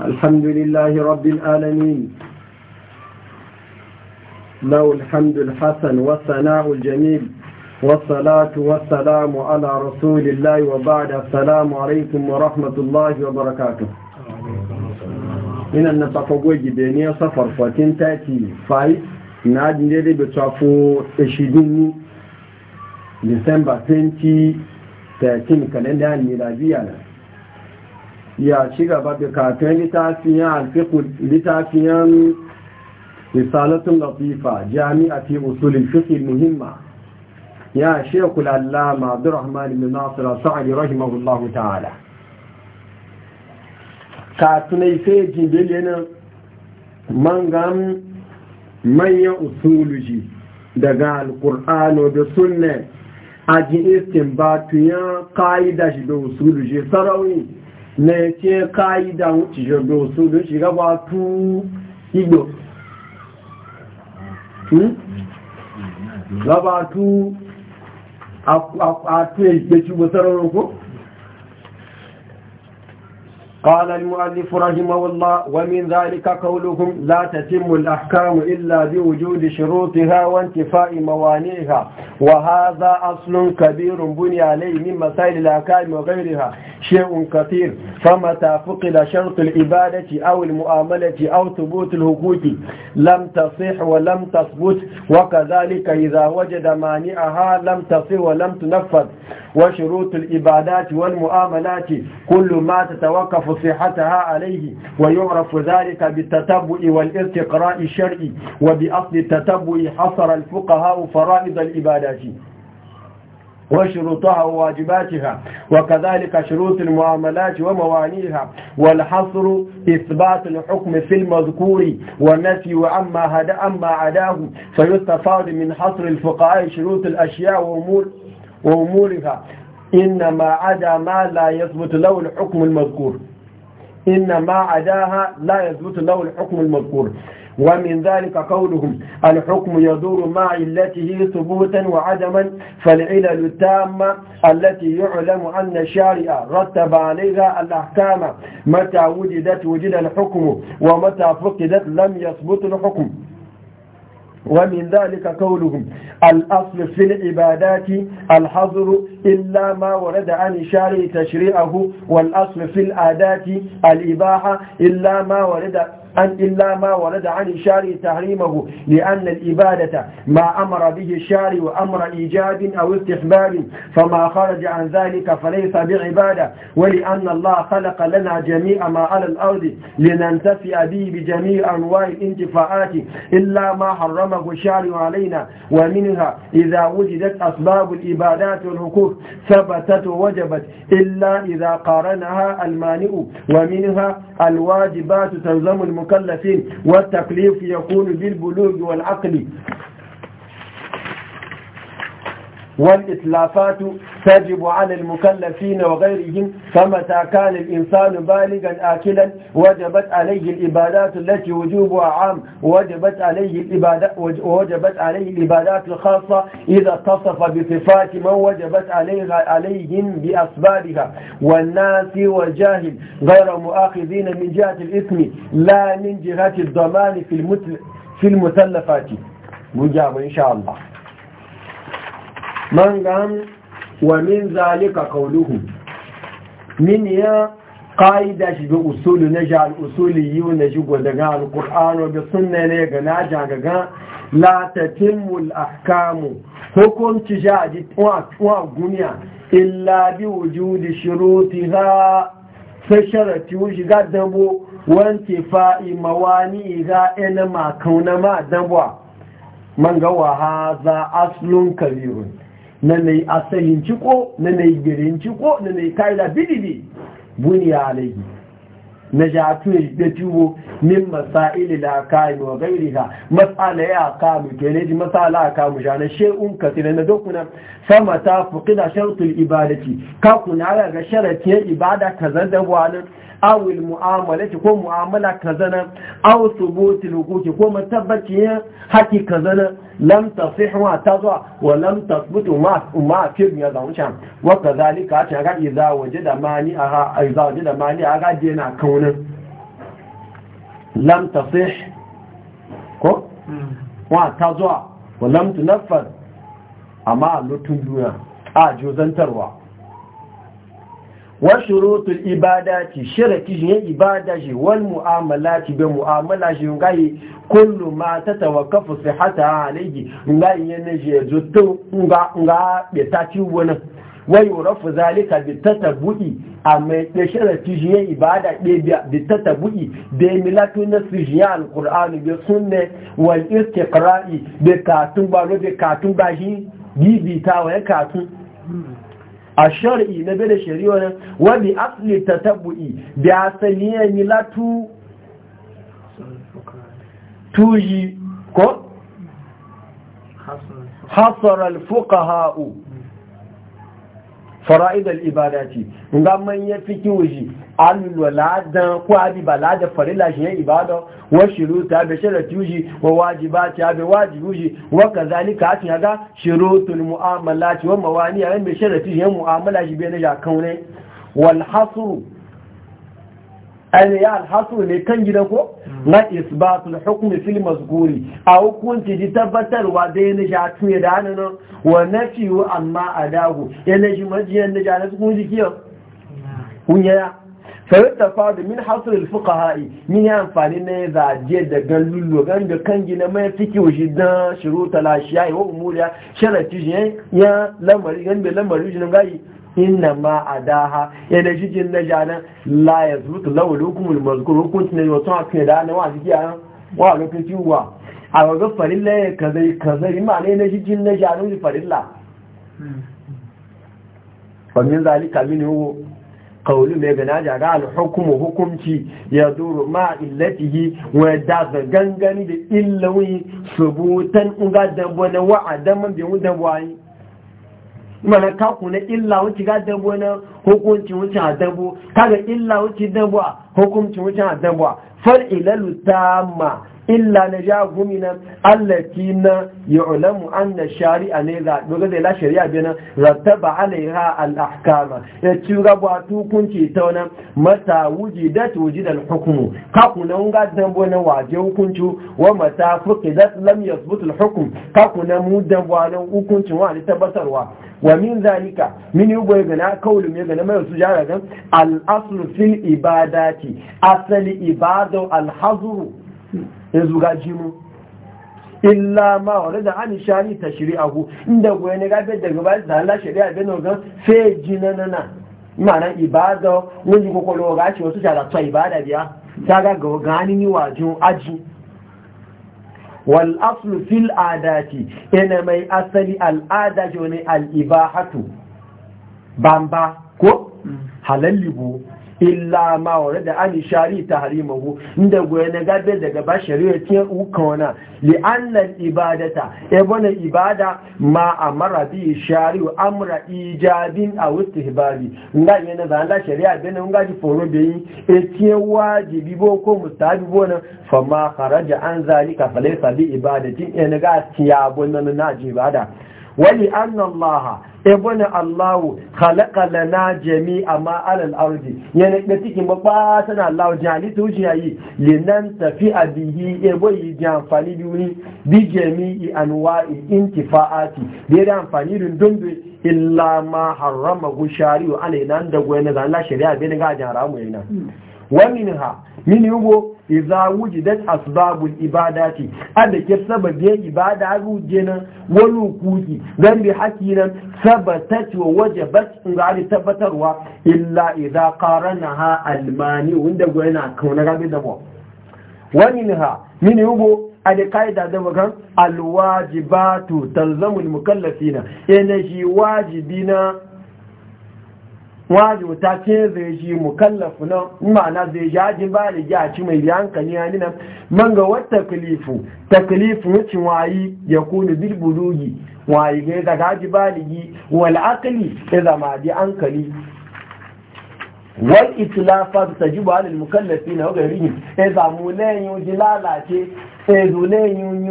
الحمد لله رب العالمين له الحمد الحسن والثناء الجميل والصلاة والسلام على رسول الله وبعد السلام عليكم ورحمة الله وبركاته ina na tafagwai gidaniyar safar 1435 na ajin daidai da tafo 20 disamba 2013 kalendar miladiya na ya ci gaba da katon littafiyan risalatun latifa jami'a fi usulin fiqh muhimma ya shekul allama abdurrahman ibn nasir sa'adi rahimahullahu ta'ala katunai sai jibili nan mangan manyan usuluji daga alkur'ano da sunne a jin istin batuyan ka'ida shi da usuluji sarauni na yake ka'ida wuce jirgin su don shiga ba tu igbo hmm? gaba tu a tu ya gbe قال المؤلف رحمه الله ومن ذلك قولهم لا تتم الأحكام إلا بوجود شروطها وانتفاء موانعها وهذا أصل كبير بني عليه من مسائل الأحكام وغيرها شيء كثير فمتى فقد شرط الإبادة أو المؤاملة أو ثبوت الهكوت لم تصح ولم تثبت وكذلك إذا وجد مانعها لم تصح ولم تنفذ وشروط الإبادات والمؤاملات كل ما تتوقف صحتها عليه ويعرف ذلك بالتتبع والاستقراء الشرعي وبأصل التتبع حصر الفقهاء فرائض العبادات وشروطها وواجباتها وكذلك شروط المعاملات وموانيها والحصر إثبات الحكم في المذكور والنفي وأما هدى أما عداه فيستفاد من حصر الفقهاء شروط الأشياء وأمور وأمورها إنما عدا ما لا يثبت له الحكم المذكور إن ما عداها لا يثبت له الحكم المذكور ومن ذلك قولهم الحكم يدور مع علته ثبوتا وعدما فالعلل التامة التي يعلم أن الشارع رتب عليها الأحكام متى وجدت وجد الحكم ومتى فقدت لم يثبت الحكم ومن ذلك قولهم الأصل في العبادات الحظر إلا ما ورد عن الشارع تشريعه والأصل في العادات الإباحة إلا ما ورد أن إلا ما ورد عن الشارع تحريمه لأن الإبادة ما أمر به الشارع أمر إيجاب أو استحباب فما خرج عن ذلك فليس بعبادة ولأن الله خلق لنا جميع ما على الأرض لننتفع به بجميع أنواع الانتفاعات إلا ما حرمه الشارع علينا ومنها إذا وجدت أسباب الإبادات والحقوق ثبتت وجبت إلا إذا قارنها المانئ ومنها الواجبات تلزم المفروض المكلفين والتكليف يكون بالبلوغ والعقل والإتلافات تجب على المكلفين وغيرهم فمتى كان الإنسان بالغا آكلا وجبت عليه الإبادات التي وجوبها عام وجبت عليه الإبادات وجبت عليه الإبادات الخاصة إذا اتصف بصفات من وجبت عليها عليهم بأسبابها والناس والجاهل غير مؤاخذين من جهة الإثم لا من جهة الضمان في المثلفات مجاب إن شاء الله man gan wa min zalika qawluhum min ya qaida shi bi usuli na jal usuli yi na ji go daga alquran da sunna ne ga na ja ga la tatimmu al hukum ci ja ji tuwa tuwa gumiya illa bi wujudi shurutiha fa sharati wuji ga dambo wanke fa'i mawani ga ina ma dambo man ga wa haza aslun kabirun na mai asalin ciko na mai girin ciko na mai bidibi bididi ya alayhi na jatu da tubo min masaili la kai wa gairiha masala ya kamu kene ji masala kamu jana shay'un katina na dokuna sama ta fuqida shartul ibadaci ka kuna ga sharatin ibada ka da wani awil al ko mu'amala ka zana aw thubutil hukuki ko ya haki ka zana lam tasih wa tazwa wa lam tasbutu ma ma fir ya zaun can wa kadhalika ta ga idza wajada mani aha idza wajada mani aga je na kaunin lam tasih ko wa tazwa wa lam tunaffad amma lutun duniya a jozantarwa وشروط الإبادات شرك جهة إبادة والمعاملات بمعاملة جهة كل ما تتوقف صحتها عليه نغاي ينجي زدتو نغا بتاتيونا ويرف ذلك بالتتبعي أما شرك جهة إبادة بالتتبع بملاك نسجية القرآن بسنة والاستقراء بكاتم بارو بكاتم باجي بيبيتا ويكاتم a shari'i na bada shari'a ne wani asali ta tabbu'i da asali ya yi latu tuyi ko hasarar fuka ha'u fara'id al'ibada ce ga manyan fiki wuji aluladan ko ba lada farila shi yan ibada wa shiru ta da sharati wuji wa wajiba ta da wajibi wuji wa ka kazalika hatin ga shirutul mu'amala ce wa mawani yan da sharati yan mu'amala shi bai na jakan ne wal hasu. ainihin ya ne kan gida ko mm. na isbatul hukumi fil mazguri a hukunci ji tabbatarwa da ya nisha tuye da hannun wa na fiye amma a dahu ya nishi majiyar nisha na sukun jikiyar kunyaya ta fadu min hasurin fuka ha'i min ya amfani na ya zaje da gallullo gan da kan gina mai fiki wa shi don shiru talashiya yi wa umuriya sharafi ya lamari gan da lamari shi na inna ma a daha yana jijin na janan la ya zuta lawal masu mazkur hukuncin da wasu hakan da na wa jiki an wa lokacin wa a waga farilla ya kazari kazari ma ne na jijin na janar da farilla famin zalika min wo kawulu mai gana jaga al hukumu hukumci ya zuru ma illatihi wa da gangani da illawi subutan unga dabwa na wa'adan man wudan wayi mana kaku na illa wuce ga dabo na hukuncin wuce a dabo kaga illa wuce dabo a hukuncin wuce a dabo a illa na ja gumina allati na ya'lamu anna shari'a ne za doga da la shari'a bi nan rattaba alaiha al ahkama ya ci gaba tukunci ta wani mata wujidat da hukmu ka kuna nga dan na waje hukunci wa mata fuqidat lam yathbut al hukm ka na mu dan wani hukuncin wa tabbatarwa wa min zalika min yubo gana kaulu me gana mai su jara gan al aslu fil ibadati asali ibadu al ya zuga illa ma wani da an shari ta shari'ahu inda goye ne gabe daga ba da Allah shari'a bin ga fe jinanana ma'ana ibada mun ji kokolo ga shi wasu da ta ibada biya ta ga ga gani ni aji wal aslu fil adati ina mai asali al adati wani al ibahatu bamba ko mm. halallibu illa ma da an shari tahrimahu inda goye na gabe daga ba shari'a ce ukona li anna ibadata e ibada ma amara bi shari'u amra ijabin aw istihbabi nga yana da zanda shari'a bene nga ji foro be e ce wajibi bo ko mustahabi bo na fa ma kharaja an zalika falaysa bi ibadatin e na ga tiya bo na na ji ibada wali anna Allah ebone allahu khalaqa lana jami'a ma alal ardi yana da cikin babba sana allahu jani to yayi, linan tafi abihi ebo yi ji amfani duni bi jami'i anwa'i intifa'ati bi da amfani dun dun illa ma harrama gushari wa alaina da gwaye na zalla shari'a bi ga jaramu yana wannan ha mini yugo idza wujidat asbabul ibadati adda ke sababe ibada ru jenan wani kuki dan bi hakiran sabatati wa wajabat ga ali tabbatarwa illa idza qaranaha almani wanda go yana kauna gabe da bo wannan ha mini yugo ade kaida da bakan alwajibatu talzamul mukallafina yana shi wajibina wajen ta ce zai ji mukallafu na ma'ana zai ji ajin ba da ji a ci mai hankali ya nina man ga wata kalifu takalifu wucin wayi ya kone bilbulugi wayi ga ya ji, baligi wal akali ya zama ji hankali wal itilafa ta ji ba da mukallafi na gari ya zamu layin ji lalace ya zo layin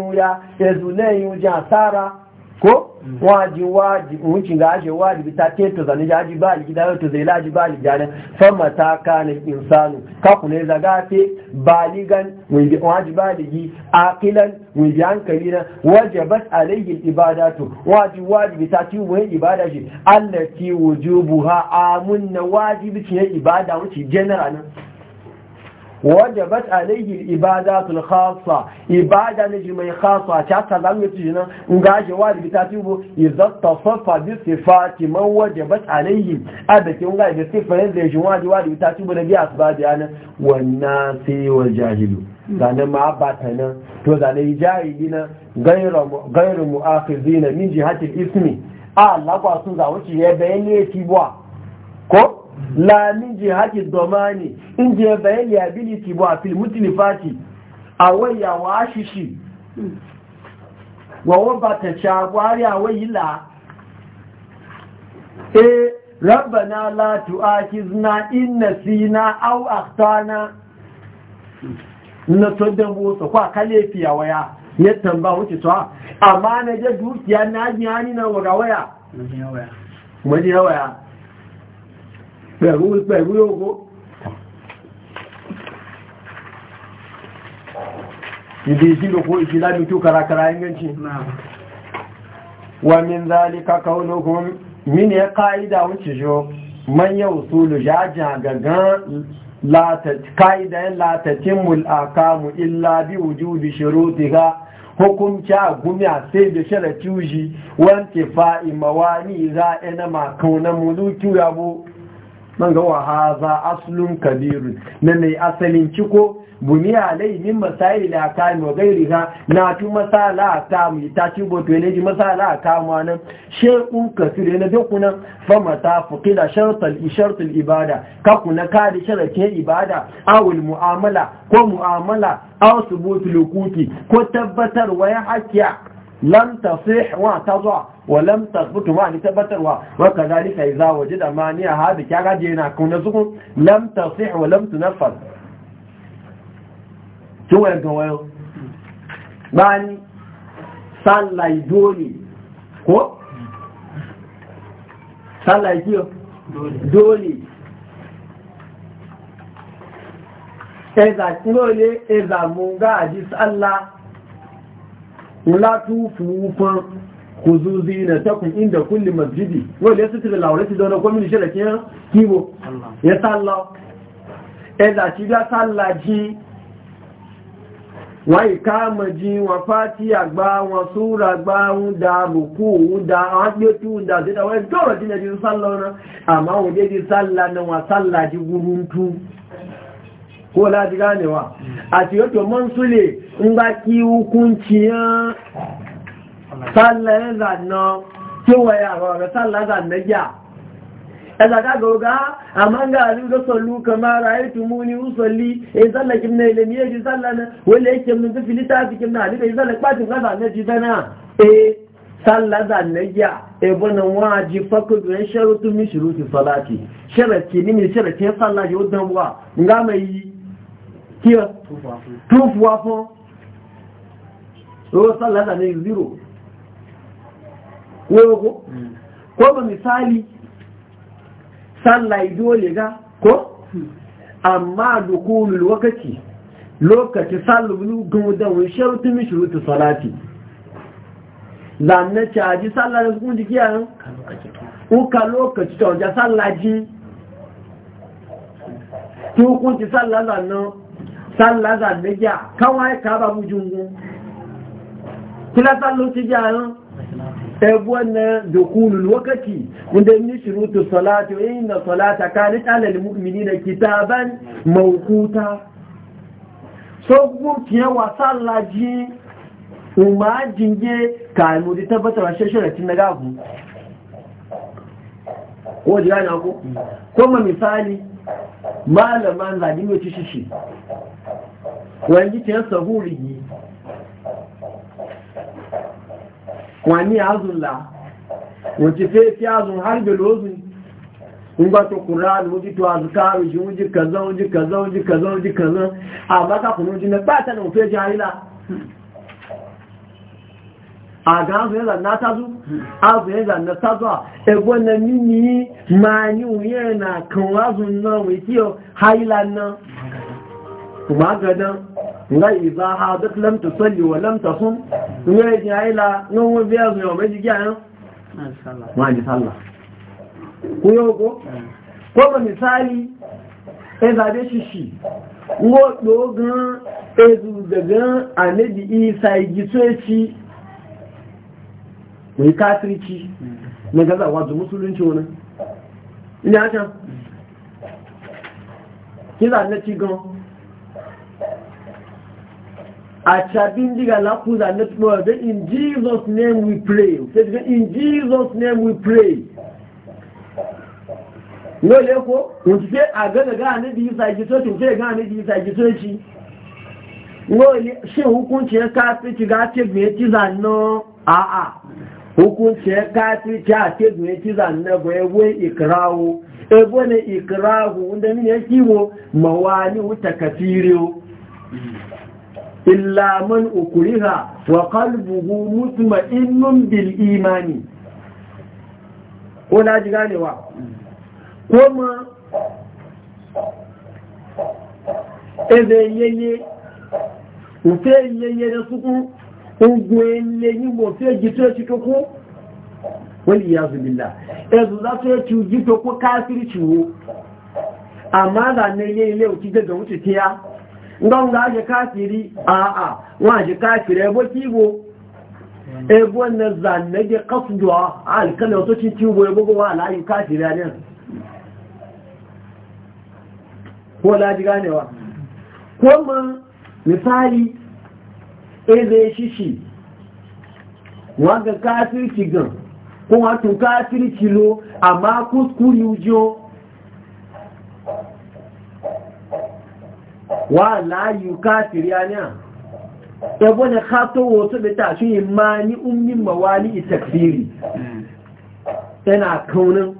ya zo layin ji asara ko waji waji wucin ga aje waji ta teto to zane jaji bali gida gidayo to zai laji bali ali jana famma ta kanin insanu ka ne zaga te baligan mun waji baligi aqilan mun bi hankali na Waje wajabat alayhi ibadatu waji waji ta ci wani ibada shi amun na. amunna wajibi ce ibada wuce general wajabat alaihi ibadatul khassa ibada ne mai khassa ta ta zamu ci nan in gaje wa digita tubo idza tafaffa bi sifati man wajabat alaihi ada ke unga da sifan da ji wa wa digita tubo da bi asbabi ana wannan sai wal jahilu zane ma bata nan to zane jahili na gairu gairu mu'akhizina min jihati ismi a Allah kwa sun zawo ci ya bayyane ci ko lamin jihati domani in je bayan liability ba fil mutilifati a waya wa shishi wọ́wọ́ bá tẹ̀ṣà wárí àwọ́ ìlà e rabbana la tu'akizna inna sina aw akhtana na to da mu so kwa kale fiya waya ya tamba wuce to amma na je dukiya na ji hani na waya waya mu je waya pẹ̀lú pẹ̀lú ogó ibi ìsìlò kó ìsìlámi tó karakara inganci wa min zalika kaunuhum min ya ka'ida wuce jo man yau sulu jajin gangan ka'idayen latatin mul'akamu illa bi wujubi shirutiha hukunci a gumi a sai da sharafi wuji wanke fa'i mawani za'ina na muluki yabo man ga wa haza aslun kabiru na mai asalin ciko buniya lai min masaili la ta mo gairi ha na tu masala ta mu ta ci bo to ne ji masala ta mu nan shekun kasir ne da kuna fa mata fuqida shartal ishartul ibada ka kuna ka da sharatin ibada awul mu'amala ko mu'amala aw subutul hukuki ko tabbatar wa ya hakiya لم تصح وتضع ولم تثبت معنى تبتر وكذلك إذا وجد مانع هذا كاجينا كنزكم لم تصح ولم تنفذ تو يقول معني صلى دولي كو صلى يجيو دولي إذا كنولي إذا منغا جي صلى wula tufu fan kuzu zina ta kun inda kulli masjidi wani ya sutura laurati zaune ko mini shirya kiyan kibo ya sallah e ya zaci ya sallah ji wọ́n ìkáàmọ̀ jí wọn fàtí àgbà wọn súra gbá ń da rùkú ń da àwọn agbétú ń da àdídà wọ́n dọ́rọ̀ jí lẹ́jì sálọ náà àmá wọn in ba ki hukunciyar sallar zanna kewa yara ga sallar zanna ya ẹzàká gọ̀gá a máa ga àrí rọ́sọ̀lú kamara ayétùmú ní úsọ̀lí ìzálẹ̀kìm na ilẹ̀ miye jízálẹ̀ na wọlé ikẹ̀ mú fífi lítàfikìm na àríbẹ̀ ìzálẹ̀ pàtí gbádà ní ji náà e sálàdà ya ẹbọ́n na wọ́n a jí fọ́kọ̀dùn ṣẹ́rọ tún ní ṣùrù ti sọ́láti ṣẹ́rẹ̀kì ní ṣẹ́rẹ̀kì sálàdì ó dánwà ngámẹ́ yìí kí ọ túnfùwá fún ruwan sallah da ne zero ko ko ba misali sallah dole ga ko amma dukulul wakati lokaci sallu gudan sharutu min shurutu salati zanne caji sallah da kuma jiki yayin uka lokaci ta wajen sallah ji tukunci sallah zanne sallah zanne ya kawai ka babu jungun kila sallo ci jayan ebuwan na dukunul wakati inda yi shirutu salatu yin na salata kani talal mu'mini na kitaban mawukuta sogbu kiyan wasa laji umar jinge kalmudi tabbatar shashiracin na gafu ko jira na ko kuma misali malaman zadi mai ci shi wani giciyar sahuri kwani azun la wace fe fi azun har belozun in ba to kuran wuji to azkaru ji wuji kaza wuji kaza wuji kaza wuji kaza a ba ka kunu ji na ba ta da fe jahila a ga azun ya na ta azun ya na ta zu ego na mini e ma ni uye na kan azun na wuki yo haila na kuma gadan nga iza hadat lam tusalli wa lam tasum nga yi ayla nga mu biya zo mai jigi ayo ma ji sallah ku yo ko eh. ko ba misali e za be shishi ngo do gan e zu da gan anabi isa yi tsoci mai kafirci hmm. za gaza wato musulunci wani ina ta hmm. kiza na ci gan a cabin diga lafuza na tsoron in jesus name we pray sai in jesus name we pray lole ko wuce sai a gana e ga na biyu sage soci sai ga na biyu sage soci lole shin hukunci ya kafirci ga ce mai ci zanno a a hukunci ya kafirci a ce mai ci zanno ba ya wai ikirawo ebo ne ikirawo wanda min ya kiwo mawani wuta kafiriyo illa man ukriha wa qalbuhu mutma'innun bil imani ko na ji ganewa kuma ebe yeye ofe suku ogun eleyi mo fe jito ti to ko wali ya zubilla ezu za to ti jito ko ne wuce tiya ngon ga je kafiri a a wa je kafiri ebo kibo ebo na zanne je qasdwa al kana to ci ci ebo bo wa la yin kafira ne ko la ji wa ko mun misali eze shishi wa ga kafiri gan ko wa tun kafiri lo amma kuskuri ujo wa layu kafiri anya ebo ne khato ni beta tó imani ummin mawali takfiri yana kaunin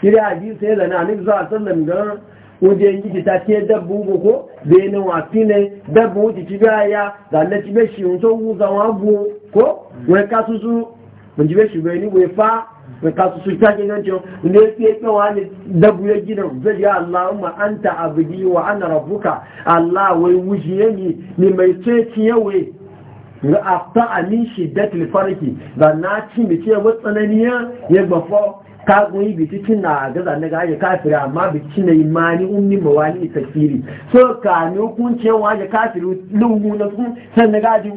kira aji sai da na nufi zuwa sallan ga wajen yanki ki ta ce dabbu ko bai na wafi ne dabbu wuce ci gaya da na ci ko nka su sulta ke nan cewa ne ke ne dabu ya gina zai ya an ta abdi wa ana rabuka Allah wai wujiye ni ni mai ceci yawe ga afta amin shiddatul farki da na ci mi ce wa tsananiya ya gbafo ka goyi bi cikin na ga zanne ga kafiri amma bi cikin na imani ummi mawani takfiri so ka ne hukuncin wa ya kafiri lungu na sun san na gaji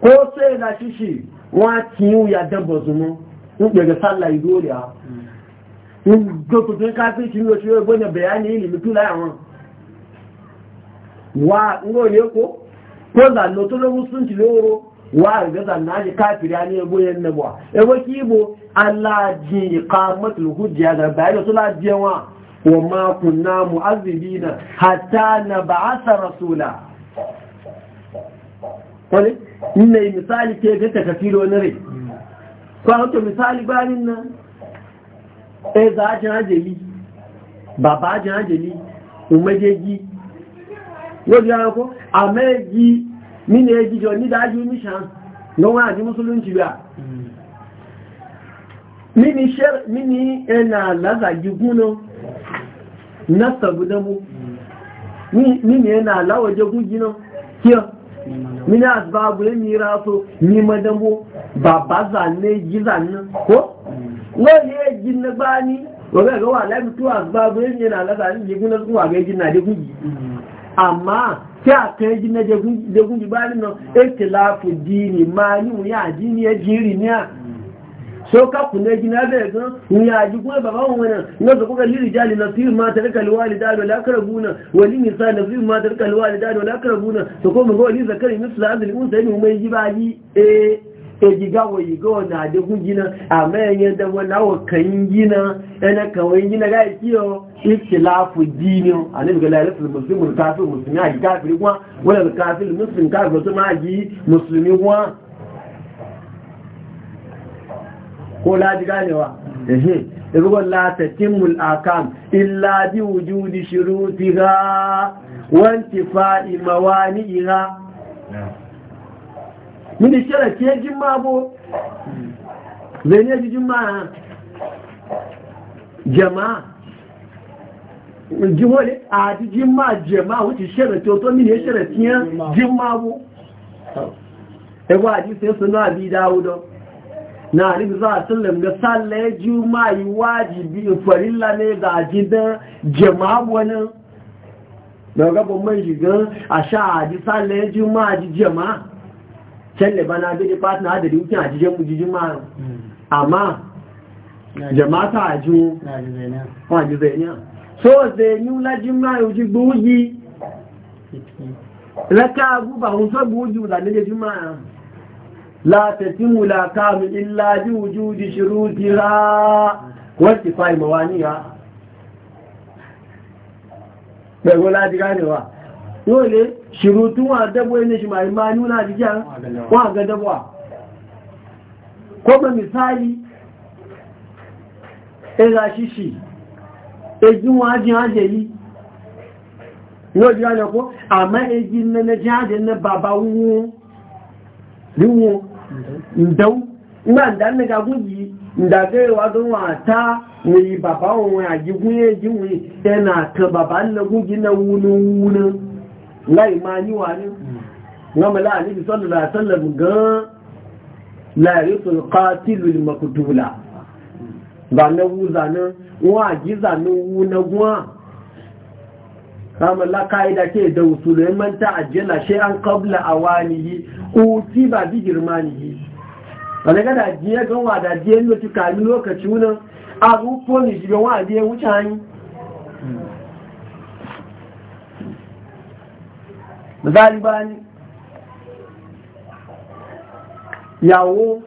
ko sai na shishi wa ya dabba zuma daga sallah dole ya. in dokotun kafin shi yau shi yau gwada bayani ilimi tula yawon wa ngo ne ko ko da no to lo musun ti loro wa ga zanna na ji kafiri ne go yen na bwa Ya e wa ki bo alla ji qamatul hujja da bayani to la je wa na? Hata na ba a nab'atha rasula wani ne misali ke ga takafiro ne kwanan to misali bayanin nan ɗaya e, za a jin ajali bàbá jẹ́ ní òmẹ́jẹ́gí lórí ẹranko àmẹ́gí nínú ẹjíjọ nídájú níṣàn lọ́wọ́n àti mùsùlùmí ti rà mini ẹ̀nà lázàgigún náà násàbùdánmú mini ẹ̀nà aláwọ̀jẹ́gún jí náà kí mini asbabu ya mira so ni madambo baba zanne ji ko wani ya ji na gbani wani ga wa lafi tuwa asbabu ya yana lasa ni ji kuna kuma na da kuji a kai ji na da kuji bani nan ikhtilafu e dini ma ni ya dini ya jiri so ka kunne gina zai ga ya ji kuma baba wannan na zo kuka liri jali na fi ma ta rika liwali da wala karabuna wali nisa na fi ma ta rika liwali da wala karabuna to ko mu go ni zakari misal azli un sai yi mai gibali eh e giga e ga yigo na de gina amma yan da wala wa kan gina ana kawai gina ga kiyo ikhtilafu dini annabi ga lafi muslimu kafir muslimi a kafir kuma wala kafir muslim kafir kuma ji muslimi kuma ko laji ganewa ehe ibgon la tatimul akam illa bi wujudi shurutiha wa intifa'i mawani'iha min shara ke jimma bo zene ji jimma jama'a jihole a ti jimma jama'a wuce shara to to min shara tiyan jimma bo ego hadisi sunan abi dawudo na alif za a sallam ga sallaye juma'i wajibi farilla ne ga ajidan jama'a wani daga bambam shigan a sha aji sallaye juma'a ji jama'a kyalle ba na gani ba na adadi wukin ajijen mu ji juma'a amma jama'a ta ajiyo wajen zainiya so zainiya la juma'a yau ji gbogi raka abubuwa hun so gbogi wula ne juma'a la tatimu la kamu illa bi wujudi shurutiha wa ittifai mawaniha pẹ̀lú láti gánewa yóò lè ṣìrútú wọn àdẹ́bọ̀ ilé ṣìmà ìmáyú láti jẹ́ wọn àgẹ́dẹ́bọ̀ kọ́gbẹ̀ mìsáàlì ẹ̀rà ṣíṣì ẹjú wọn yi. yóò jẹ́ àjẹ́kọ́ àmá ẹjí nẹ́nẹ́ jẹ́ nẹ́ bàbá wúwọ́n ndau ma nda nega guji nda ga wa don wa ta ni baba won a ji gunye ji wi ena ta baba na guji na wunu wunu lai ma ni wa ni ngam la ni sallallahu alaihi wasallam ga la yusul qatilul maqtula ba na wu wuza na wa ji za na wuna gwa ramar la'ka'ida ke da ya manta ajiyar shi an kabla a wani yi uti ba bi girmani yi wani ga dajiye gan wa dajiye ne su lokaci wunan ko ne shi gan wuce hanyi misali ni yawo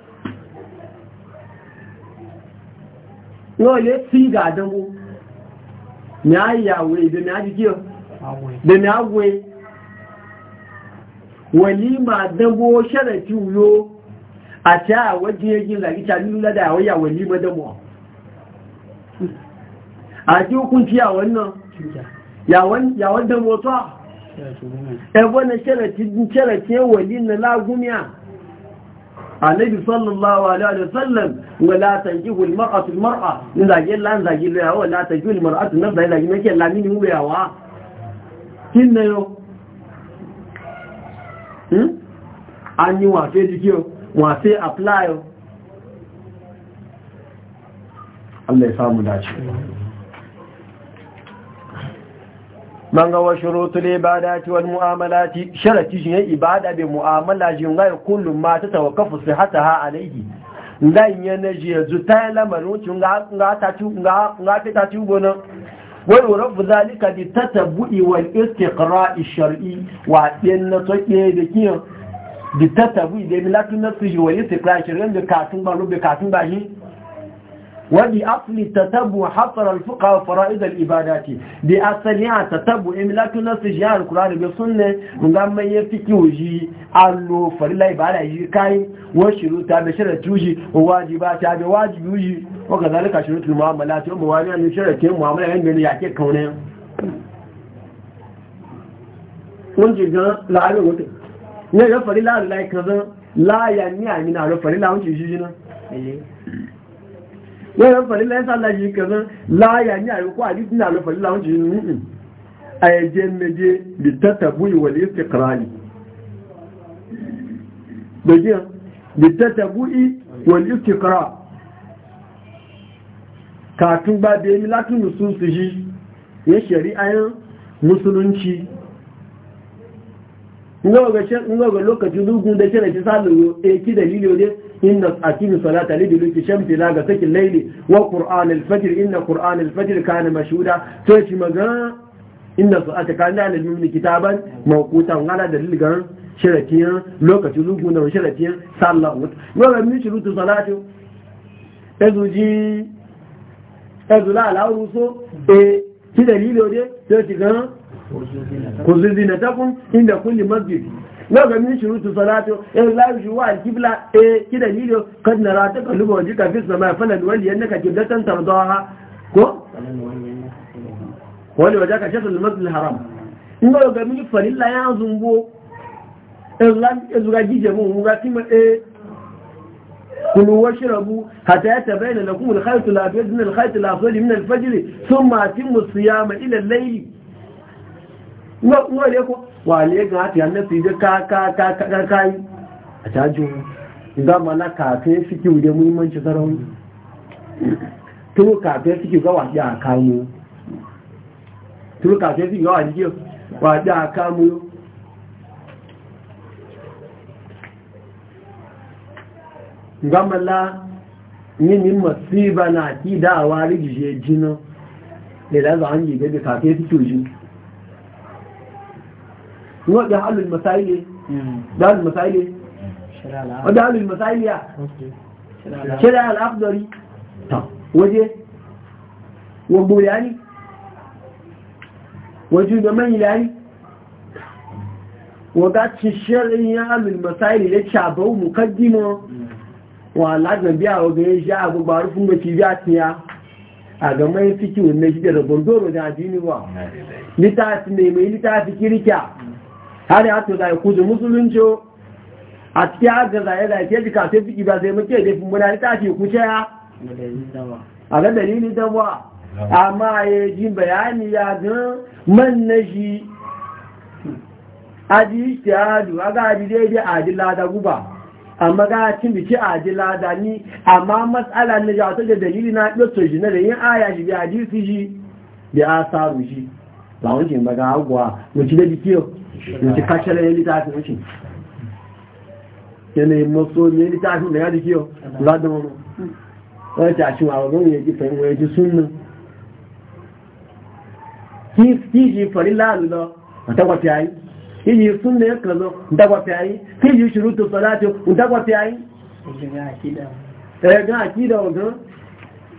yóò lé tí ìgbà a ma àti àwọn jí ẹgbẹ́ ràrí tàbí ládà àwọn ìyàwó ní mọ́dọ́mọ́ àti òkun tí àwọn náà yàwó dánwò tọ́ ẹgbọ́n na ṣẹlẹ̀ tí ẹwọ̀ nínú lágúnmíà alẹ́bí sallallahu alaihi wasallam hmm? a ní kí a wà fẹ́ wọ́n fi apply Allah ya samu dace man ga wa shurutul ibadati wal mu'amalati sharati shi ibada bi mu'amala ji ngai kullum ma ta tawakkafu sihataha alayhi ngai yana ji yanzu ta lamarin cin ga ga ta ci ga ga ta ci gona wai rafu zalika bi tatabbu'i wal istiqra'i shar'i wa din na take da kiyan da tattabu da yi latin na su yi wani su kirashirin da katun ba rube katun ba shi wadi asali tattabu hafarar fuka wa fara'idar ibadati da asali a tattabu in latin na su yi yawon kura da bai sun ne ngamman ya fi kiwo shi allo farila ibada yi kayi wani shiru ta bai shirar tuji wajiba ta bai wajibi yi waka zalika shiru tun mu'amala ta yi mu'amala ne shirar ke mu'amala yadda ne yake kaunayen. Mun ji gan la'ayin wuta. ní ẹ̀rọ fẹ̀rílà àrùlá ìkànzán láàyà ní àmì àrọ fẹ̀rílà oúnjẹ ìṣíṣí náà ẹ̀rọ fẹ̀rílà ìsàlájì ìkànzán láàyà ní àrùkọ́ àdídí àrọ fẹ̀rílà oúnjẹ ìṣíṣí ayẹjẹ méje musulunci ga lokacin zugun da kira ki salu eki dalili wajen a cikin salata li duluki shamsi la ga sakin laili wa qur'an al-fajr inna qur'an al-fajr kana mashhuda to shi magana maga inna salata kana lil mu'min kitaban mawquta ngala dalil ga shiratiyan lokacin zugun da shiratiyan sallahu wa ga mi shurutu salatu ezuji ezula ala uruso e ki dalili wajen to shi ga kuzuzi na takun inda kulli masjid na ga min shuru salatu in eh, la yushu wa al-qibla e eh, kida hilo kad nara ta kalubu waji ka fis sama fa nan wali yanka kibla tan tardaha ko wali waja ka shatu al-masjid al-haram in ga ga min fa lilla ya zumbo in eh, la zu ga gije mu mu ga kima e kulu washrabu hatta yatabayana lakum al-khayt al-abyad min al-khayt al-aswad min al-fajr thumma atimmu as-siyama ila al-layl wọ́n lè kó wà lè gan àti àmẹ́fì ìdẹ́ káàkáàkáàkáàkáàyí àjájú ìgbàmọ́lá kààfin síkí ìdẹ mú ìmọ̀ ìṣẹ́sára wọn tí ó síkí ìgbàwà jẹ́ àkáàmù tí ó síkí ìgbàwà jẹ́ wà jẹ́ àkáàmù ìgbàmọ́lá ní mímọ̀ síkí نوع حل المسائل ده حل المسائل وده حل المسائل يا شرع الأخضري وجه وبولاني وجود من يعني وقت الشرع يعمل المسائل للشعب مقدمة وعلى بيها وغير شعب وبعرف مكيباتها a ga mai fiki wannan shi da rabon doro da adini ba littafi mai mai littafi kirkiya har ya to zai kuzu musulunci a cikin haka zai zai ke jika sai fi ba sai muke da muna ta ke kuce ya a ga dalilin dawa amma ya ji bayani ya ga man na shi aji ishtihadu aga aji daidai adila da guba amma ga cin biki adila da ni amma matsala na jawo ta da dalili na ɗotso shi na da yin aya shi bi hadisi shi bi asaru shi làwọn ṣe ń bá gan àgbà lòtí lẹ́bi kí o lòtí káṣẹ́lẹ̀ ní lítà àti lòtí kẹlẹ̀ mọ́só ní lítà àti lẹ́yà di kí o ládùn ọmọ wọ́n ti àṣìwọ̀n àwọn ọmọ yẹn ti fẹ̀yìn wọ́n ti súnmọ́ kí ìṣe fọ̀rí láàrú lọ ọ̀tọ́gbọ̀tì ayé kí ìṣe súnmọ́ ẹ̀kan lọ ọ̀tọ́gbọ̀tì ayé kí ìṣe ṣòro tó sọ láti ọ̀tọ́gbọ̀tì ayé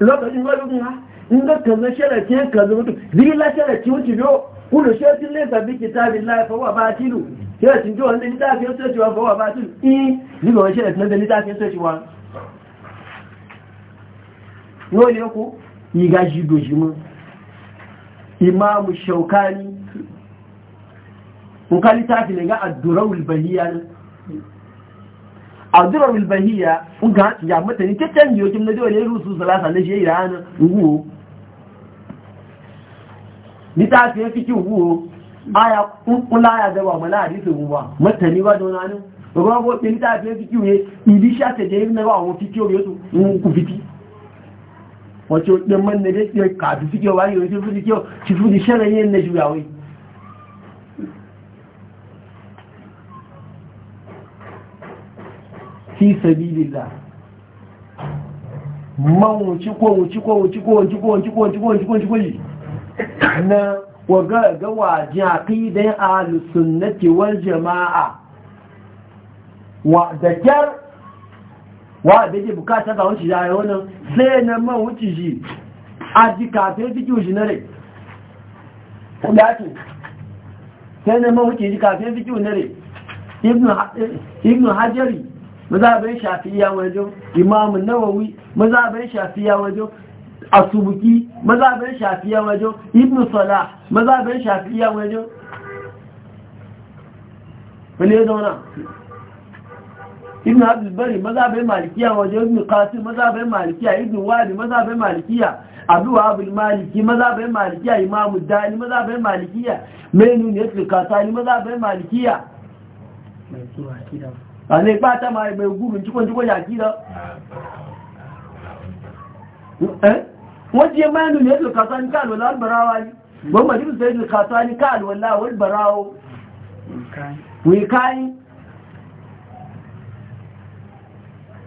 lokacin gwalibin ha in ga kaza sharafi ya kaza mutu zila sharafi wuce biyo kudu shafin laifin bi kitabin laifa wa batilu sharafin jiwa wanda littafi ya socewa fa wa batilu in jiwa wani sharafi wanda littafi ya socewa yau ne ku yi doji dojimu imamu shaukani in ka littafi ne ga addurawul baliya ne abdurar wilbahiya ga ya mutane ta canji yokin na dole rusu salasa na shi ya yana nguwo ni ta fiye fiki nguwo aya kunkula ya zaba mala hadisin ruwa mutane ba don hannun ruwa ko ɗin ta fiye fiki ne idi sha ta da na ba wani fiki ne su ku fiki wacce ɗin man na dai kafin fiki wa ne wacce fiki shi fi shanayen na juyawai fi sabilillah man wuci ko wuci ko wuci ko wuci ko wuci ko wuci ko wuci ko wuci ko wuci na waga ga wajen aqidan ahlus sunnati wal jamaa wa da kyar wa da ke bukata da wuci yayi wannan sai na man wuci shi a jika sai fiki wuci na rai kuma sai na man wuci jika sai fiki wuci na rai ibnu ibnu hajari mazabin shafiya wajen imamu nawawi mazabin shafiya wajen asubuki mazabin shafiya wajen ibnu salah mazabin shafiya wajen wani ya zauna ibn abdulbari mazabin malikiya wajen ibn qasim mazabin malikiya ibn wadi mazabin malikiya abu abul maliki mazabin malikiya imamu dani mazabin malikiya menu ne su kasani mazabin malikiya mai kiwa kidan ne ba ta mai mai gurin cikon cikon yaki da eh? wajen mai ne yadda kasa ni ka alwala albarawa ne ban majalisar sai yadda kasa ni ka alwala albarawa. wai kayi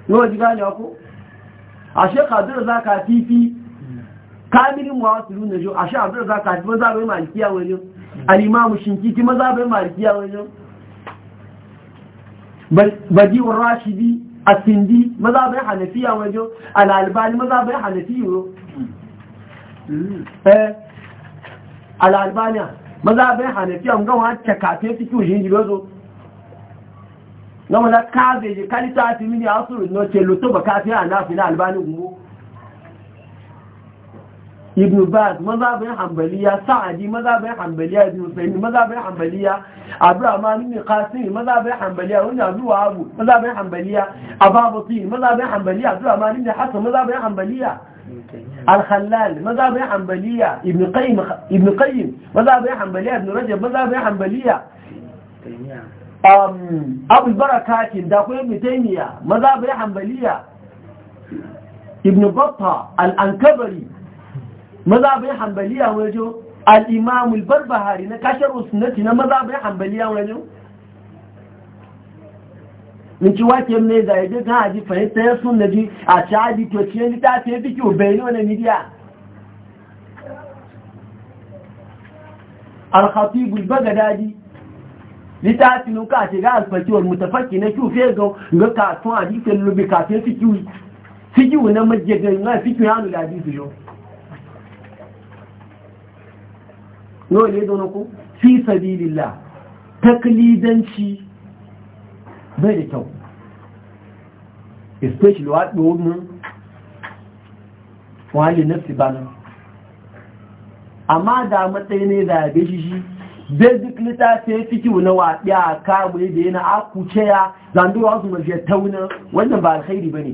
yau ji gane ku a shekaru za ka fifi kamirin wa su nuna jo a shekaru za ka fifi maza bai malikiya wani alimamu shinkiki maza bai malikiya wani badiu rashidi asindi maza bai hanafiya wajo al'albani maza bai hanafiyo hmm. eh al'albaniya maza bai hanafiya ga wacce kafe fiki ujin jirozo na kalita ti mini asuru lutuba kafe a nafi ibn baz mazhabin hanbaliya sa'adi mazhabin hanbaliya ibn sa'id mazhabin hanbaliya abdurrahman ibn qasim mazhabin hanbaliya wanda zuwa abu mazhabin hanbaliya ababati mazhabin hanbaliya abdurrahman ibn hasan mazhabin hanbaliya al-khallal mazhabin hanbaliya ibn qayyim ibn qayyim mazhabin hanbaliya ibn rajab mazhabin hanbaliya um abu barakatin da kuma ibn taymiya mazhabin hanbaliya ibn battah al-ankabari mazhabin hanbaliya wajen al-imam al-barbahari na kashar sunnati na mazhabin hanbaliya wajen in ci wake mai zaide kan haji fahimtar sunna ji a shadi to ciye ni ta ce biki ubayni wannan midiya al-khatib al daji. litafin ka ce ga al-fakih wal-mutafakkih na kufe ga ga kasuwa hadisin lubi kafin fikiyu fikiyu na majjagan na fikiyu hanu da hadisi yau yau ne zo ku fi sabilillah taklidanci bai da kyau especially wa domin wani na ba nan amma da matsayi ne da ya shi shi basic littafi ya fi kiwu na waɗi a kawo da yana akuce ya zanduwa su mafiya tauna wannan ba alkhairi ba ne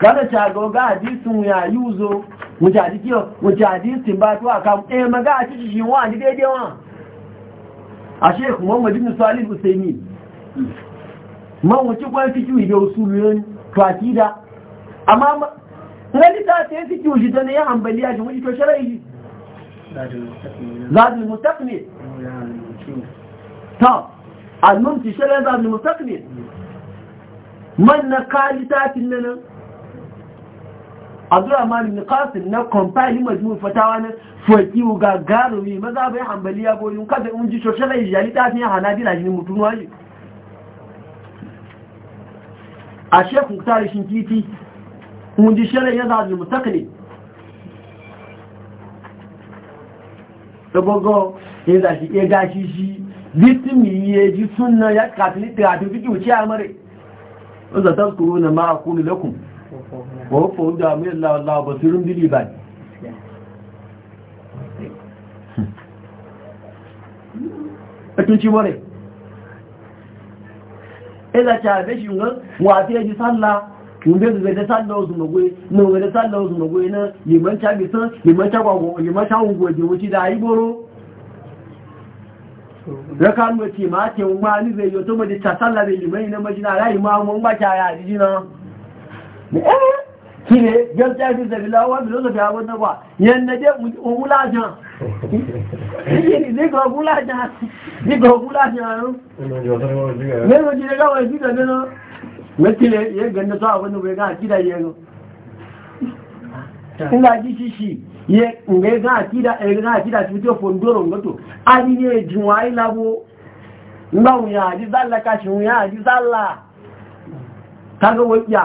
kada ta ga ga hadisin ya yuzo wuce hadisi wuce hadisin ba to aka eh maga a cikin shi wa daidai wa a sheikh muhammad ibn salih usaimi man wuce kwan fiki da usulun fatida amma ngani ta ta fiki shi ta ne ya ambaliya shi wuce to shar'i zadul mustaqbil ta al-mumti shar'a zadul mustaqbil man na kalitatin nan abdurrahman ibn qasim na compile majmu fatawa na fuki ga garumi maza bai ya boyun kada in ji shoshara jali ta hana dina jini mutum waje a shekun tare shi titi in ji shirin ya zaji mutakli sabogo ya zaji ya gashi shi bitimi ya ji sunna ya katili tirafi fiki wuce mare wanda tazkuruna ma aqulu lakum wa hufu da mai Allah Allah basirun bili ba atunci more ila ta da shi ngan wa ta yi sallah mun bai da da sallah su magwe mun na liman liman liman rakan ma ce ma da na majina ma kí ni gẹ́gẹ́ ẹ̀dí ìṣẹ̀lẹ̀ ọwọ́ mi lọ́sọ̀fẹ́ àwọn náà wà yẹn nà jẹ́ òmúlájàn nígbà òmúlájàn nígbà òmúlájàn àrùn mẹ́rin jílẹ̀ káwọn ìjílẹ̀ nínú mẹ́tílẹ̀ yẹ́ gẹ̀ẹ́nà tó àwọn ìwé gáà kídà yẹ lọ nígbà jí ṣíṣì yẹ ǹgẹ́ gáà kídà tí ó fòndóró ngọ́tò a ní ní ìjìnwá ìlàbó ngbà òun yà àdízálà kàṣì òun yà àdízálà kágọ́wọ́ yà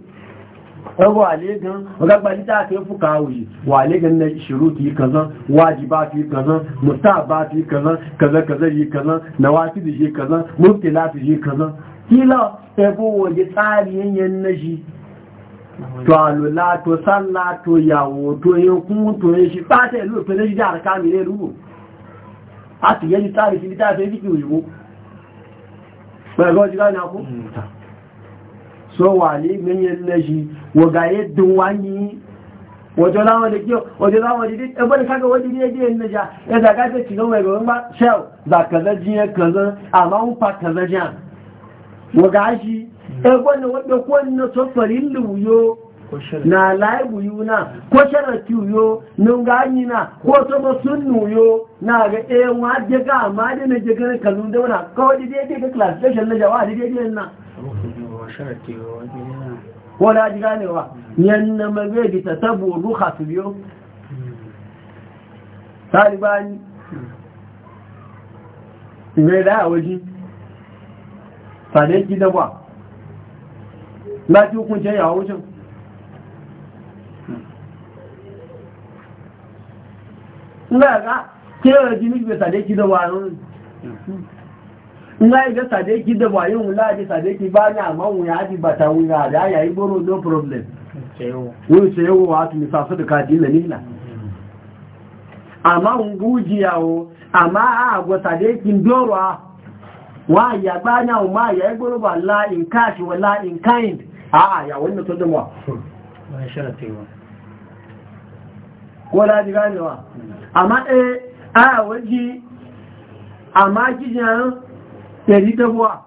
ɗago alegan legan ta fuka wuce wa alegan na shiru ta yi kazan waji ba ta yi ba kaza kaza yi kazan na wasu da shi kazan murtila ta kila ebo waje tsari yanyan na shi to alula to to yawo to yankun to yin shi ba ta yi lura fere ne rubu a ti yi tsari shi ta fi fi ki ko. ga so wale ganyen wa ga yadda wani wajen lamar da kiyo wajen lamar da ɗin ɗin kaga wajen ne biyan na ja ya e zaga ta cikin mai gaban ba shau za ka zaji ya ma amma mun fa kaza wa ga shi e wanda wanda kowanne da luyo na layi buyu na ko sharati yo nun gani na ko to ba sun nuyo na ga ɗayan e wa je amma da na je na kalun da wana kawai ya ke ga classification na jawa ya ke na ko da ji ganewa yanna magaji ta tabo ruha su biyo talibani mai da a waje fadai gida ba ba ki hukunce yawon wucin ga ga da jini bai sadai da ba a nga ga sadeki da ba yin wula ji sadeki ba ni amma wuya ji ba ta wuya ya yi boro no problem wuri ce yawo wa tu misa su da kaji na nila amma nguji yawo amma a ga sadeki ndoro wa ya ba na ma ya yi boro ba la in cash wa la in kind a a ya wannan to da wa ko da ji ganewa amma eh a waji amma kijin ɗari dabuwa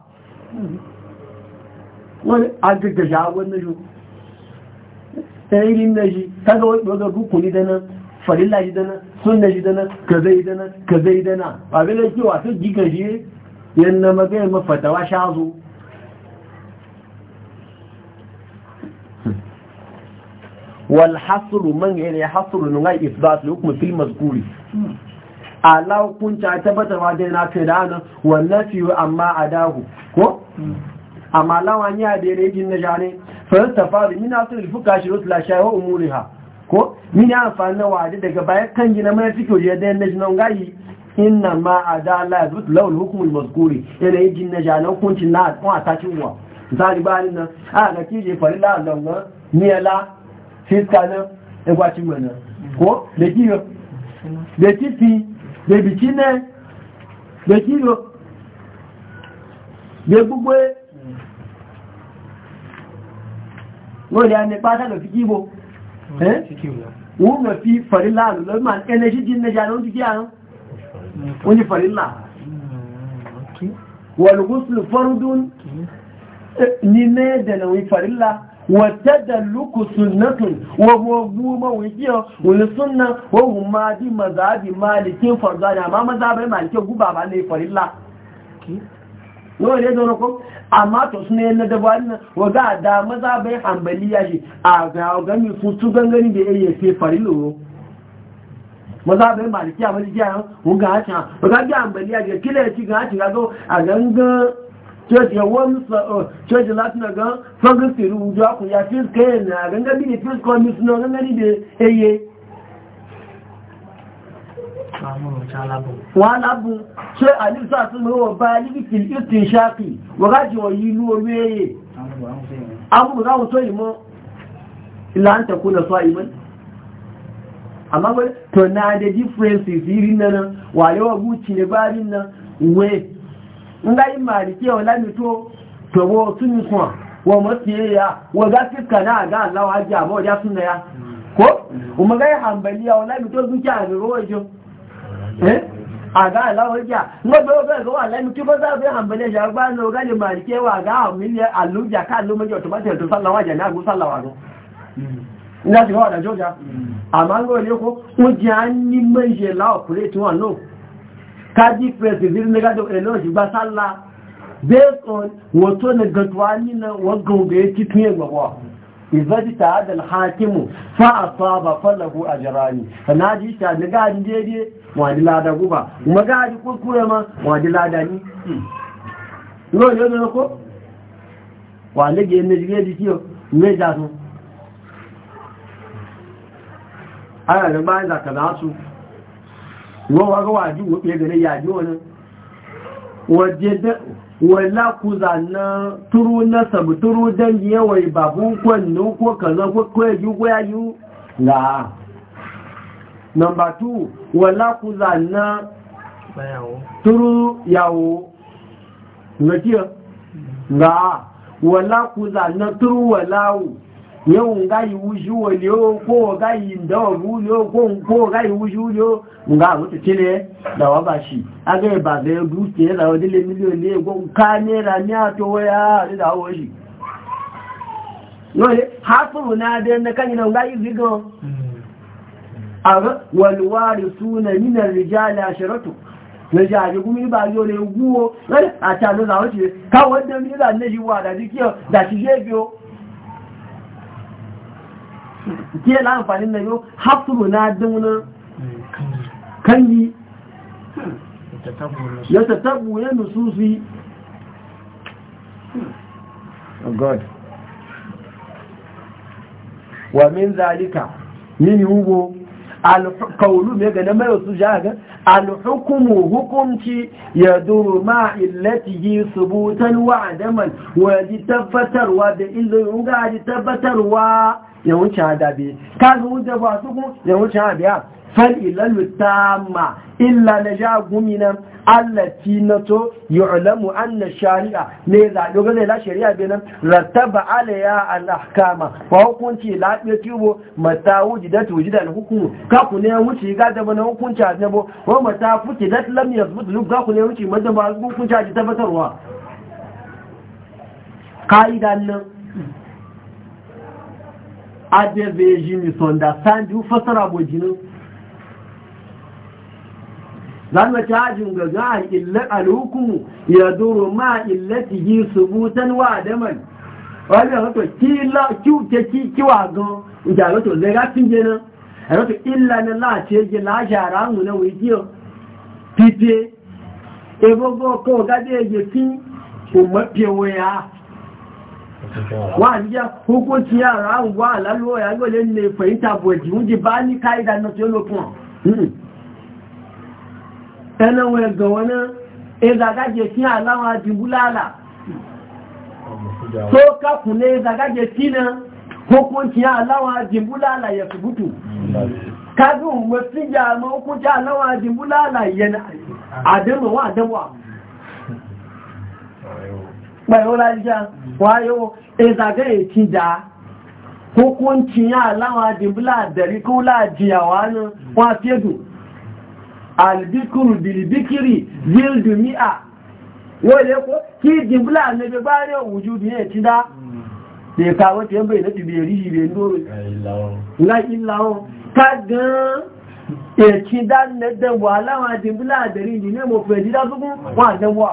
wani agaga shawon na shi ɗayin na shi ta ga wani wadda rukuni da nan farilla shi da nan sun da shi da nan ka zai da nan ka zai da nan abin da kewa sun jika shi yan na magayar mafatawa shazo والحصر من يعني حصر نغاي إثبات لحكم في المذكور ala hukunta tabbata ma dai na kai da hannun wannan amma a dahu ko? amma lawan ya da yare jin na jane fayar tafari mina su ilfuka shi rotula shayi wa umuri ha ko? mina amfani na wadi daga bayan kan gina mana cikin na jinan gayi inna ma a da Allah ya zuta lawan hukumul maskuri yanayi jin na jane hukuncin na kuma a tashin wa misali bayan nan a ga kije farila langar fiska nan ya gwacin mana ko da kiyo da kifi bèbì kí nẹ́ bèkí lọ bè gbogbo wọ́n lè ní pátá lọ fi kí bò wọ́n mọ̀ fi fàrílà lọ ma ẹni sí jí nẹjà ló ń díkí àrùn wọ́n ni fàrílà hmm, wọ̀lùkú sí fọ́rúdún eh, ní mẹ́ẹ̀dẹ̀ fàrílà watadalluku sunnatun wa gogu mawijiya wani sunna wa huma bi mazhabi malikin farzani amma mazhabai malikin guba ba ne farilla yau ne zaune ko amma to suna na dabarin nan wa ga da mazhabai hanbaliya shi a ga gami su su gangani da yayi sai farilla mazhabai malikiya malikiya mun ga kila ya ci ga a gangan church ya wani uh, uh, church lati na gan fagin firu ujo akun ya fi kẹyẹ na ganga bi ne first call news na ganga ni eye wọ́n alábùn ṣe àlìsà tí mo wọ́n bá alìbìtì ìtì ìṣáàkì wọ́gájì wọ̀n yí inú orí èyè amúrùdáhùn tó ìmọ́ ìlàntẹ̀kú na sọ na ngai maliki wa lami to to wo sun sun e wa masiya wa ga fiska na ga Allah wa ja ba ja suna hmm. ya ko kuma ga hanbaliya wa lami to ga eh aga alawoja ngbe obe ga wa lẹ́nu tí bọ́ sáàbẹ̀ àmbẹ̀lẹ̀ ṣàgbá ní ọgá lè máa kí ẹwà àgá àmìlẹ̀ àlújà káàlú mẹ́jọ tó bá kaji fesi zir na gado eloji eh, ba sallah based on wato na gatwani nina wagon ga ya ci tuye gbawa izaji ta adal hakimu fa asaba falahu ajrani na ji ta na gaji daidai wani lada guba kuma gaji kuskure ma wani lada ni lori yau no ko wa le ge ne ge di ti o me ja sun ara le ba za kana su wọ́n wá gọ́wà jí wọ́n pẹ̀lẹ̀ gẹ̀rẹ́ yàjú wọn wọ́n lákúzà na túrú náà sàbù túrú dẹ́yìn ìbàbú kwẹ̀nù kó kànlọ kó ẹjú kó ẹjú láà nọmbà 2 wọ́n lákúzà náà túrú yàwó yau nga yi wuju wani ko ga yi dawa guliyo ko ga yi e wuju yau nga mutu cire da waba shi aga yi ba zai dukiya da wani le miliyon ne ko ka nera ni a to waya da dawo shi yau na da na kan yi na nga yi zigon walwari suna na jari kuma ba ne ce kawai yi wa da ke la amfani na yau hafsuru na dimuna kangi ya tattabu ya nususi oh god wa min zalika min hugo alkaulu mai gane mai wasu jaga alhukumu hukunci ya duru ma illatihi subutan wa adaman wa ji tabbatarwa da illoyin ga ji tabbatarwa ya wuce adabi ka ga wuce ba su ya wuce adabiya fal'ilalu ta ma illa na ja guminan allati na to yi ulamu an na shari'a ne zaɓi ga zai la shari'a bi nan rata rattaba alaya al'ahkama ba hukunci lafiya tubo mata wuji da tuji da hukumu ka ku ne wuce ga daba na hukunci a zabo wa mata fuki da lamiyar ya duk ga ku ne wuce mata ba hukunci a ji tabbatarwa ka'idan nan adé zai ji misunderstand yi fasara bojinin zama cajin gaga a illar alhukumu ya duru ma illati yi subutan wa daman wani rato kiwuke kiwa gan ita rato zai rafin gina rato illa na lace ji lashara mu na wikiyo pipe ebogo ko gade ya fi umarfe waya wa jiya hukunci yara wa lalo ya gole ne fahimta boji wuji ba ni kai da na tsolo fun ẹnan wọn ga wani ezagaje fi alawọn adibulala tó kakùn ní ezagaje fi na hukunci alawọn adibulala ya subutu kagun wasu jama hukunci alawọn adibulala yana adamu wa adamu pẹ̀lú lájá wáyó ìzàgẹ́ ìkìdá hukuncin aláwọn adìbúlà dẹ̀ríkú láàjìyà wánú wọ́n fẹ́dù albikuru bilbikiri zildu mi'a wọ́n lè kó kí dìbúlà nẹ́bẹ̀ bá rẹ̀ òjú ní ẹ̀kìdá lè kàwọ́ tí ó bèèrè ti bèèrè aláwọn adìbúlà àdẹ̀rí ìdí ní mo fẹ̀ dídá tókún wọ́n àdẹ́wọ̀.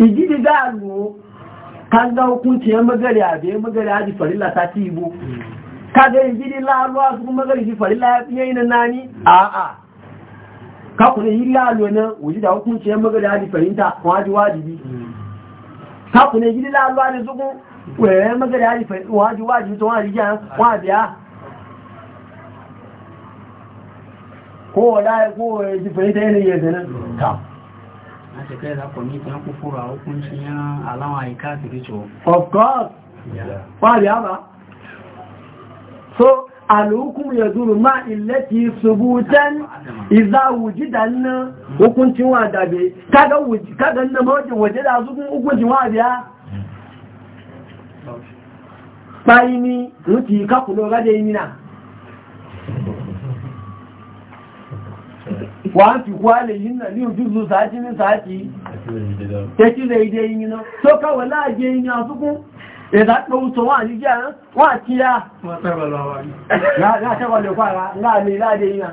da galu ka ga hukunci yan magari a bai magari haji farilla ta ci ibo ka ga da laluwa su kuma magari shi farilla ya yi na nani a a ka kuna yi laluwa na wuji da hukunci yan magari haji farinta waji wajibi ka kuna igidi laluwa ne su kuma wayan magari haji farinta waji wajibi to wajibi ya wajiya ko wala ko ya ji farinta yanayi ya zanen ta Of course. Yeah. Why the So, alhukum ya zuru ma illati subutan idza wujida nan hukuncin wa dabe kaga wuji kaga nan mawajin waje da su hukuncin wa biya bayini muti ka kulo ga de yina wàájú kwálè yìí nà ní ojúzù sáájí ní sáájí tẹ́kílẹ̀ ìdẹ yìí náà tó káwẹ̀ láàájẹ́ yìí ní àtúkún ìdápẹ́ oúnjẹ wà ní jẹ́ wà kí á látẹ́wọ̀lẹ̀ fara láàrin láàájẹ́ yìí náà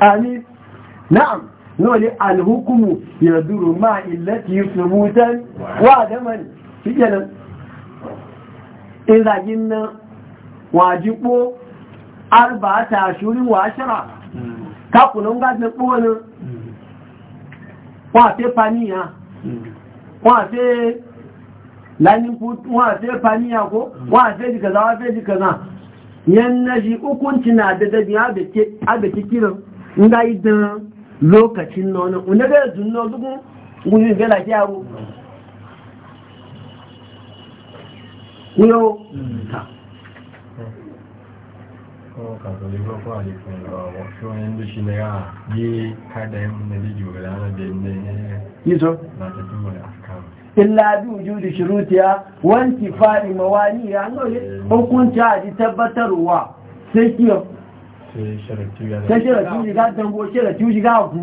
amin na'am nole alhukumu ya duru ma illati subutan wa daman shikenan in zagin nan wajibo arba'ata shurin wa ashara hmm. kakunan gadin ɓonin wọ́n àti paniya hmm. wọ́n àti laninku wọ́n àti paniya ko hmm. wọ́n àti jikaza wọ́n àti jikaza yan na shi hukunci na da dabi abeki kiran nga idan lokacin nono una ga zun no zugu ngun ga la jawo kuyo ta ko ka to libro ko ali ko wa so en du shine ya yi kada yin da lijo da na da ne yizo na ta tuma da kan illa bi wujudi shurutiya wa intifai mawaniya no hukunta ji tabbatarwa sai kiyo sai shirya tuji ga dambo shirya shi ga ku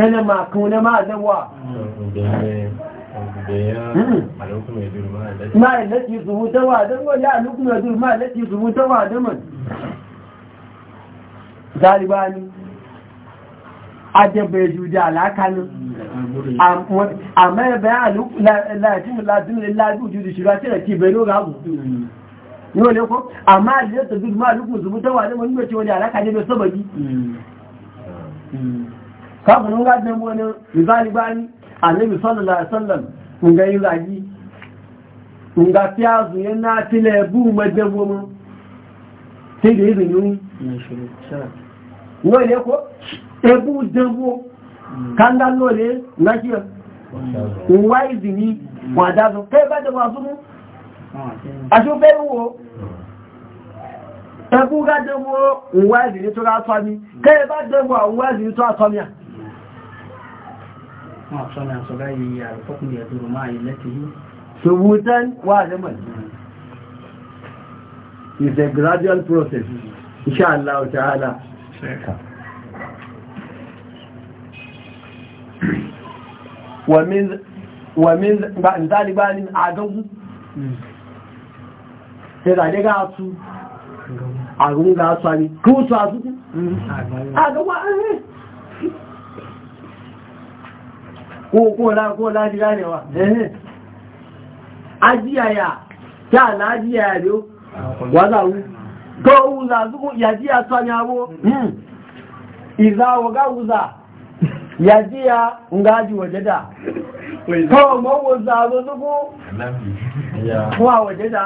yana makon na ma lati wa a lukuma ma lati zubuta wa don man zalibani adabai juji alakanin amma ya bayan latin juji bai noga yíò lé fún àmá àlẹ́ tó bí máa lùkùn zùmú tó wà ní wọ́n nígbẹ̀tí wọ́n ní alákàdé lọ sọ́bọ̀ yìí káàkùn ní wọ́n gbẹ̀mọ́ ní ìbánigbáni àlẹ́bì sọ́lọ̀lọ́sọ́lọ̀m ǹgá ìrà yìí ǹgá tí a zù yẹn náà tilẹ̀ bú mẹ́jẹ́gbọ́mọ́ tí ìdè ìrìn yìí yíò lé fún ebú jẹ́gbọ́ káńgá lóòrè náà kí wọ́n wa ìzì ní wọ́n àdázọ kẹ́ bá jẹ́ wọ́n àṣúfẹ́ wo ẹkú ká dẹ́gbò òwúwá ìdìrí tó rátọ́ mi kẹ́yẹ bá dẹ́gbò òwúwá ìdìrí tó rátọ́ mi à Ṣubútan wà lẹ́mọ̀. It's a gradual process. Inshallah ta'ala. Wa ba ni zaliba ṣẹ̀dàdé gáàtú àrùn gáàtú àrí kí ó àtúkú àgbàwà rẹ̀ kó lákó láti rárẹ̀wà ẹ̀hẹ́ ajíyàyà ya à lájíyàyà rí ó wádàwú tó wúzà túkú yàjíyà tọ́nyàwó ìzáwọ̀gá wúzà yàjíyà ń gáàjì wọ̀jẹ́dà Kọ́ ọmọ wo zàrò lógún fún àwọ̀jẹ́dà.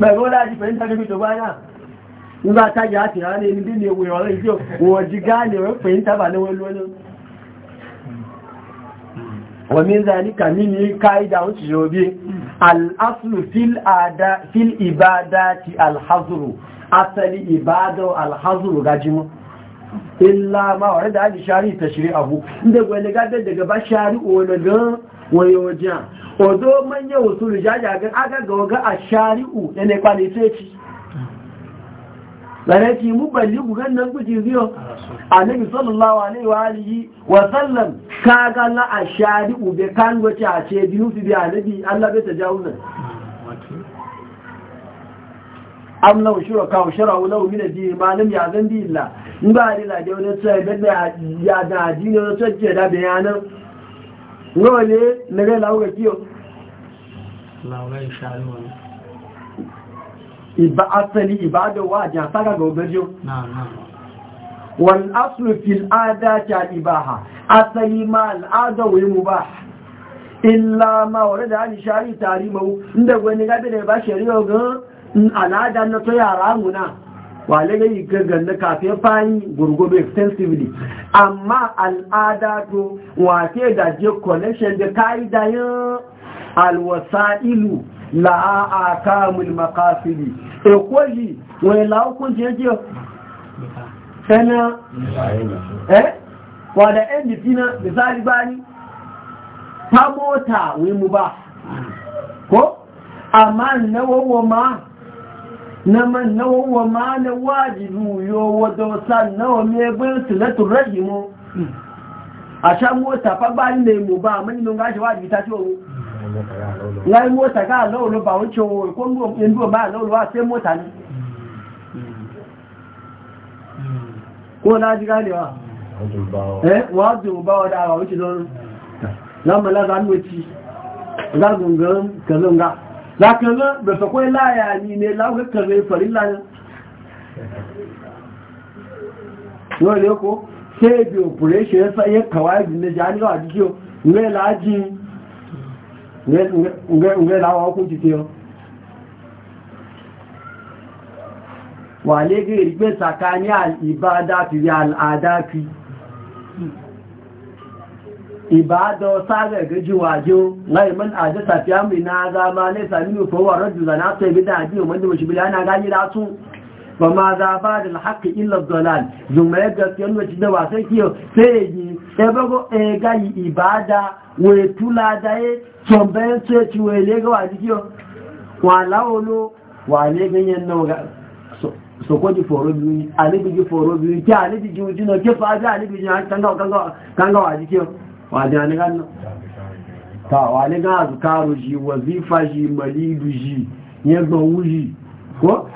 pẹ̀lú láti pẹ̀lú tàbí tó bá náà nígbà tájá àti rán ní ibi ní ìwé ọ̀rọ̀ ìjọ wọ̀n jí gáàlì rẹ̀ pẹ̀lú tàbà ní wọ́n lónà fil ibada ti alhazuru asali ibada alhazuru gajimọ́ illa ma wa da shari tashri abu inda gwai ga daga ba shari o daga odo manyan wasu rijaja ga agaga waga a shari'u da ne kwalite ci zane ki mu balli gugan nan guji biyo annabi sallallahu alaihi wa alihi wa sallam ga la a shari'u be kan goce a ce biyu fi biya nabi Allah bai tajawuna am law shuraka wa shara'u law min ad-din ma lam ya'zan bi illa in ba ni la da wani sai da ya da dinin sai ke da bayanan nawa na gai lawuga kiyo lawuga ya sha'aluwa iba asali ibada wa jan saka ga obejo wal aslu fil adati al ibaha asali ma al ada wa illa ma warada an shari tarimu inda wani gabe shari'a ga na. wale ga yi na kafin fani gurgudu extensively amma al'ada to wace da je connection da yi dayan alwasa'ilu la'a kamun makasiri ekwaji wani la'ukun je je sana eh wadda ndp na misali bani ta mota wimu ba ko amma na wawo ma na man wa ma na wajibu yo wato sannawa me bin silatu rahimu a sha mota fa ba ni mo ba mun nun gashi wajibi ta ciwo ngai mota ka lolo ba wuce ko ko in duwa ba lolo wa sai mota n'i ko na ji wa eh wajibu ba wa da wuce don lamma la zan wuce zagungan kazanga zakanan da sakwai layani ne laukakar rai farilla ne yau ne ko sai bi operation ya sa iya kawai na jami'a a jikiyo ngai laji ngai lawa hukunci te yau wale ga irgbe tsakani al'ibada fi al'ada fi ibada wasa saga gaji wajo ngai man aje tafiya mai na zama ne sami ko wa rajul zana sai bida ji mun da mushi bilana gani da su ba ma za ba da alhaqi illa dalal zuma ya ga kiyan wace da wasan kiyo sai yi sai bago e ga ibada we tula da e tombe sai ci we le ga waji kiyo wala olo wale ganyen nan ga so ko ji foro biyu alibi ji foro biyu ki alibi ji ujino ki fa alibi ji kan ga kan ga kan ga kiyo wajen ni ganna ta wani ga azukaru ji wazifa ji malidu ji yagba wuji ko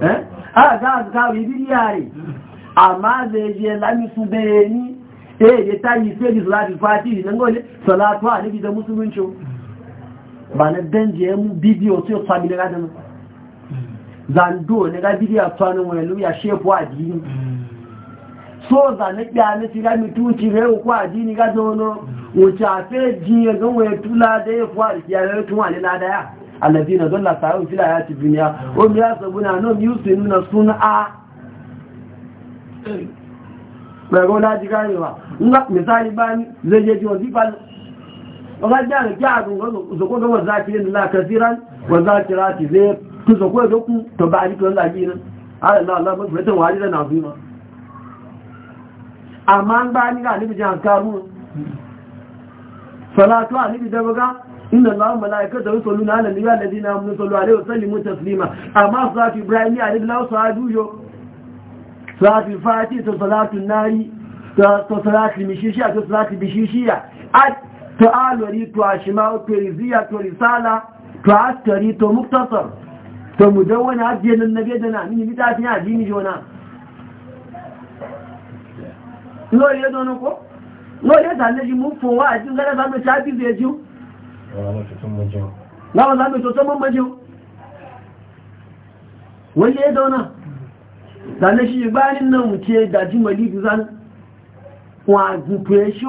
eh a ga azukaru e, yi bidiyare amma zai je lamisu ni? eh ya yi sai bi salatu fati, nan gole salatu a da musulunci ba na danje mu bidiyo sai family ga dan zando ne ga bidiyo tsanin wani ya shefu a dini soza na ƙyami ti gami tuci ga yau kwa jini ga zono wuce a fe jiye ga tula da ya fuwa da kiyaye tun wani ladaya alazi na zolla sa'o fila ya ci duniya o biya sabuna no mi yusu nuna suna a gbẹ̀rọ láti gáyẹ̀ wa ńlá misali zai amma an ba ni ga alibi jihar karu salatu alibi da baga inna da malaikata yusalluna ala mun alladhina amanu sallu alaihi wa sallimu taslima amma salatu ibrahim alibi su sadu yo salatu fati ta salatu nari ta salatu mishishiya ta salatu bishishiya a ta alwari to ashima to riziya to risala to astari to muktasar to mudawwana na annabi da na fi bidati hadini jona lórí yẹ́ dánú kó lórí yẹ́ tàlẹ́jì mú fún wá àti ńlẹ́lẹ́ bá mẹ́ta bí i ẹjú láwọn lábẹ́ tó tó mọ́ jẹun wọ́n yẹ́ dánú tàlẹ́jì ìgbá nínú ti dájí mọ̀lídù sánú wọn àgùnkù ẹṣí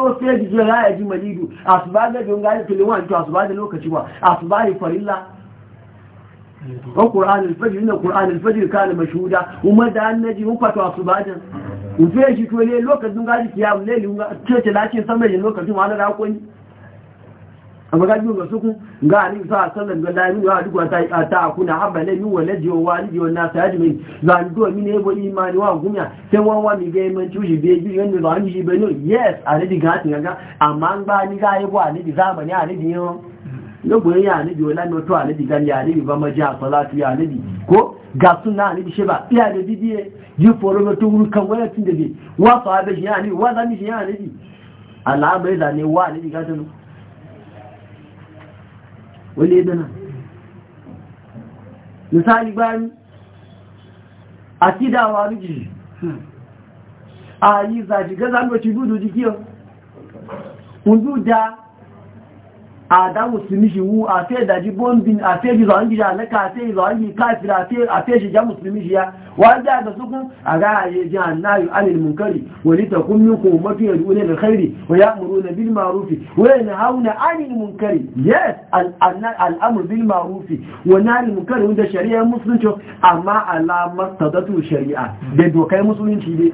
fẹ́ ufe shi to ne lokacin gaji siya ne ne ga cece lakin sama ne lokacin wani da hakuri amma gaji ga suku ga ni sa sallan ga lai ga duk ta ta kuna habba ne ni wala jiwa wani jiwa na ta mai za ni do na ne bo imani wa gunya sai wan wa ga man tuji be ji yanda za ni ji be yes a ne diga ga amma ba ni ga yi bo a ne zamani a ne lọ́gbọ̀n yà níbi olánà tó àníbi gan ba níbi bá mọ́já àfọlátú yà níbi kó gàtún náà níbi ṣe bá bí àdé dídí ẹ yí fọ́rọ́ tó wúrú kan Wa tún dèbè shi fà ábẹ́ ṣe yà níbi wá lámì ṣe yà níbi àlàámọ̀ ìlà ni wá níbi gátanu ó lé dáná misali gbáyé àti dáwà ríjì ààyè ìzàjì gẹ́gẹ́ lọ́tí dúdú jí kí da. àdá musulmi ṣe wú àfẹ́ ìdájí bọ́m̀bìn àfẹ́ ìzọ̀ ń jíjà lẹ́ka àfẹ́ ìzọ̀ ń yí káàkiri àfẹ́ ìṣẹ̀já musulmi ṣe ya wọ́n jẹ́ àgbàsókún àgá àyèjì ànáyò alìmùnkari wọ́n ní tẹ̀kún mínkù mọ́fí na na amma alamar tadatu shari'a da dokai musulunci dai.